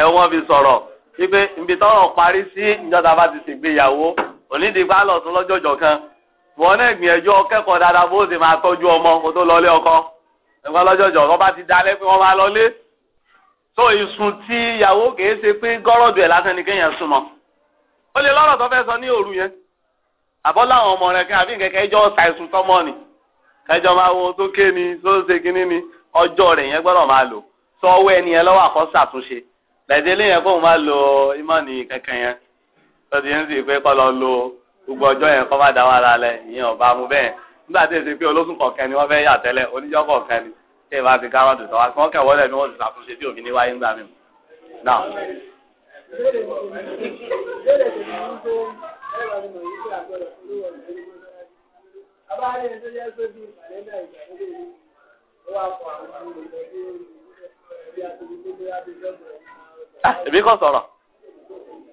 ẹ wọ́n fi sọ̀rọ̀ wípé ibi tọ́rọ̀ parí sí ìjọba ti ṣègbéyàwó onídìí wọn náà gbìyànjú ọkẹ́kọ̀ọ́ dáadáa bó ṣe máa tọ́jú ọmọ kó tó lọlé ọkọ ẹ̀fọn lọ́jọ́jọ́ ọkọ bá ti dalẹ́ pé wọ́n máa lọlé tó ìsùn tí ìyàwó kìí ṣe pé gọ́rọ̀dù ẹ̀ lásán ni kéèyàn sùn mọ́ ó lè lọ́rọ̀ tó fẹ́ sọ ní òru yẹn àbọ̀ láwọn ọmọ rẹ̀ kí àbí kẹ̀kẹ́ jọ ṣàìsùn tọ́mọ́ ni kẹjọ máa wo tó ké ni tó ṣe kinní ni ọjọ́ rẹ̀ yẹn gbọ́dọ̀ máa lò sọ ọwọ́ ẹni yẹn lọ́wọ́ àkọ́ṣàtúnṣe lẹ́dẹ̀ẹ́lẹ́yìn kóun máa lo ìmọ̀ ní kẹ̀kẹ́ yẹn lọ́dún yẹn sì pé kọ́ lọ lo gbogbo ọjọ́ yẹn kọ́ bá da wà lálẹ́ ìyẹn ọba mu bẹ́ẹ̀ nígbà tí èsì pé olóṣù kọ̀ọ̀kan ni wọ́n fẹ́ yà tẹ́lẹ̀ oníjọ́ kọ̀ọ̀kan ni tí èèyàn bá fi ká wọn dùn sọ́wọ́ kí wọ́n kẹ̀ wọlé ni wọ́n ti ṣàtúnṣe tí òfin wáyé ńgbà mi. Èmi kò sọ̀rọ̀.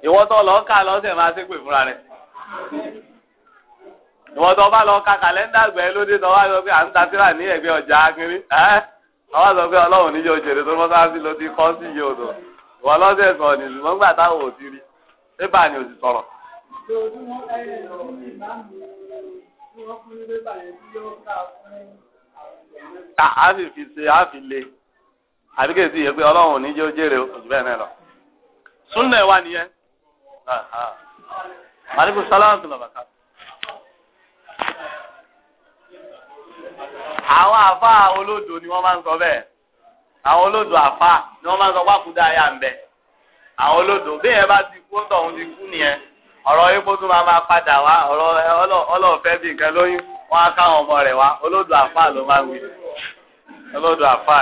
Ìwọ́n tó ká lọ́sẹ̀ máa ṣépè fúnra rẹ̀ ìwọ́n tó bá lọ ka kàlẹ́ndà gbẹ́ lóde tó wá sọ pé à ń ta síra ní ẹ̀gbẹ́ ọjà akínrí ẹ́ wọ́n sọ pé ọlọ́run níjọ òṣèré tó mọ́tà sí ló ti kọ́ sí iye odò wọ́n lọ́sẹ̀ sọ ní ṣùgbọ́n gbà táwọn ò ti rí pépà ni ò sì sọ̀rọ̀. ta a sì fi ṣe a fi le àbí kò sí pé ọlọ́run níjọ òṣèré oṣù bẹ́ẹ̀ náà lọ. súnlẹ̀ wa nìyẹn maaleykum salaam tó lọ́ba ká. àwọn àfa olódò ni wọ́n máa ń sọ bẹ́ẹ̀ àwọn olódò àfa ni wọ́n máa ń sọ wákùdá ayá ń bẹ àwọn olódò bí ẹ bá ti kú ó tọ̀hún ti kú nìyẹn ọ̀rọ̀ epo tó máa máa padà wá ọ̀rọ̀ ọlọ́ọ̀fẹ́ bí nǹkan lóyún wọn á káwọn ọmọ rẹ̀ wá olódò àfa ló máa ń wí olódò àfa.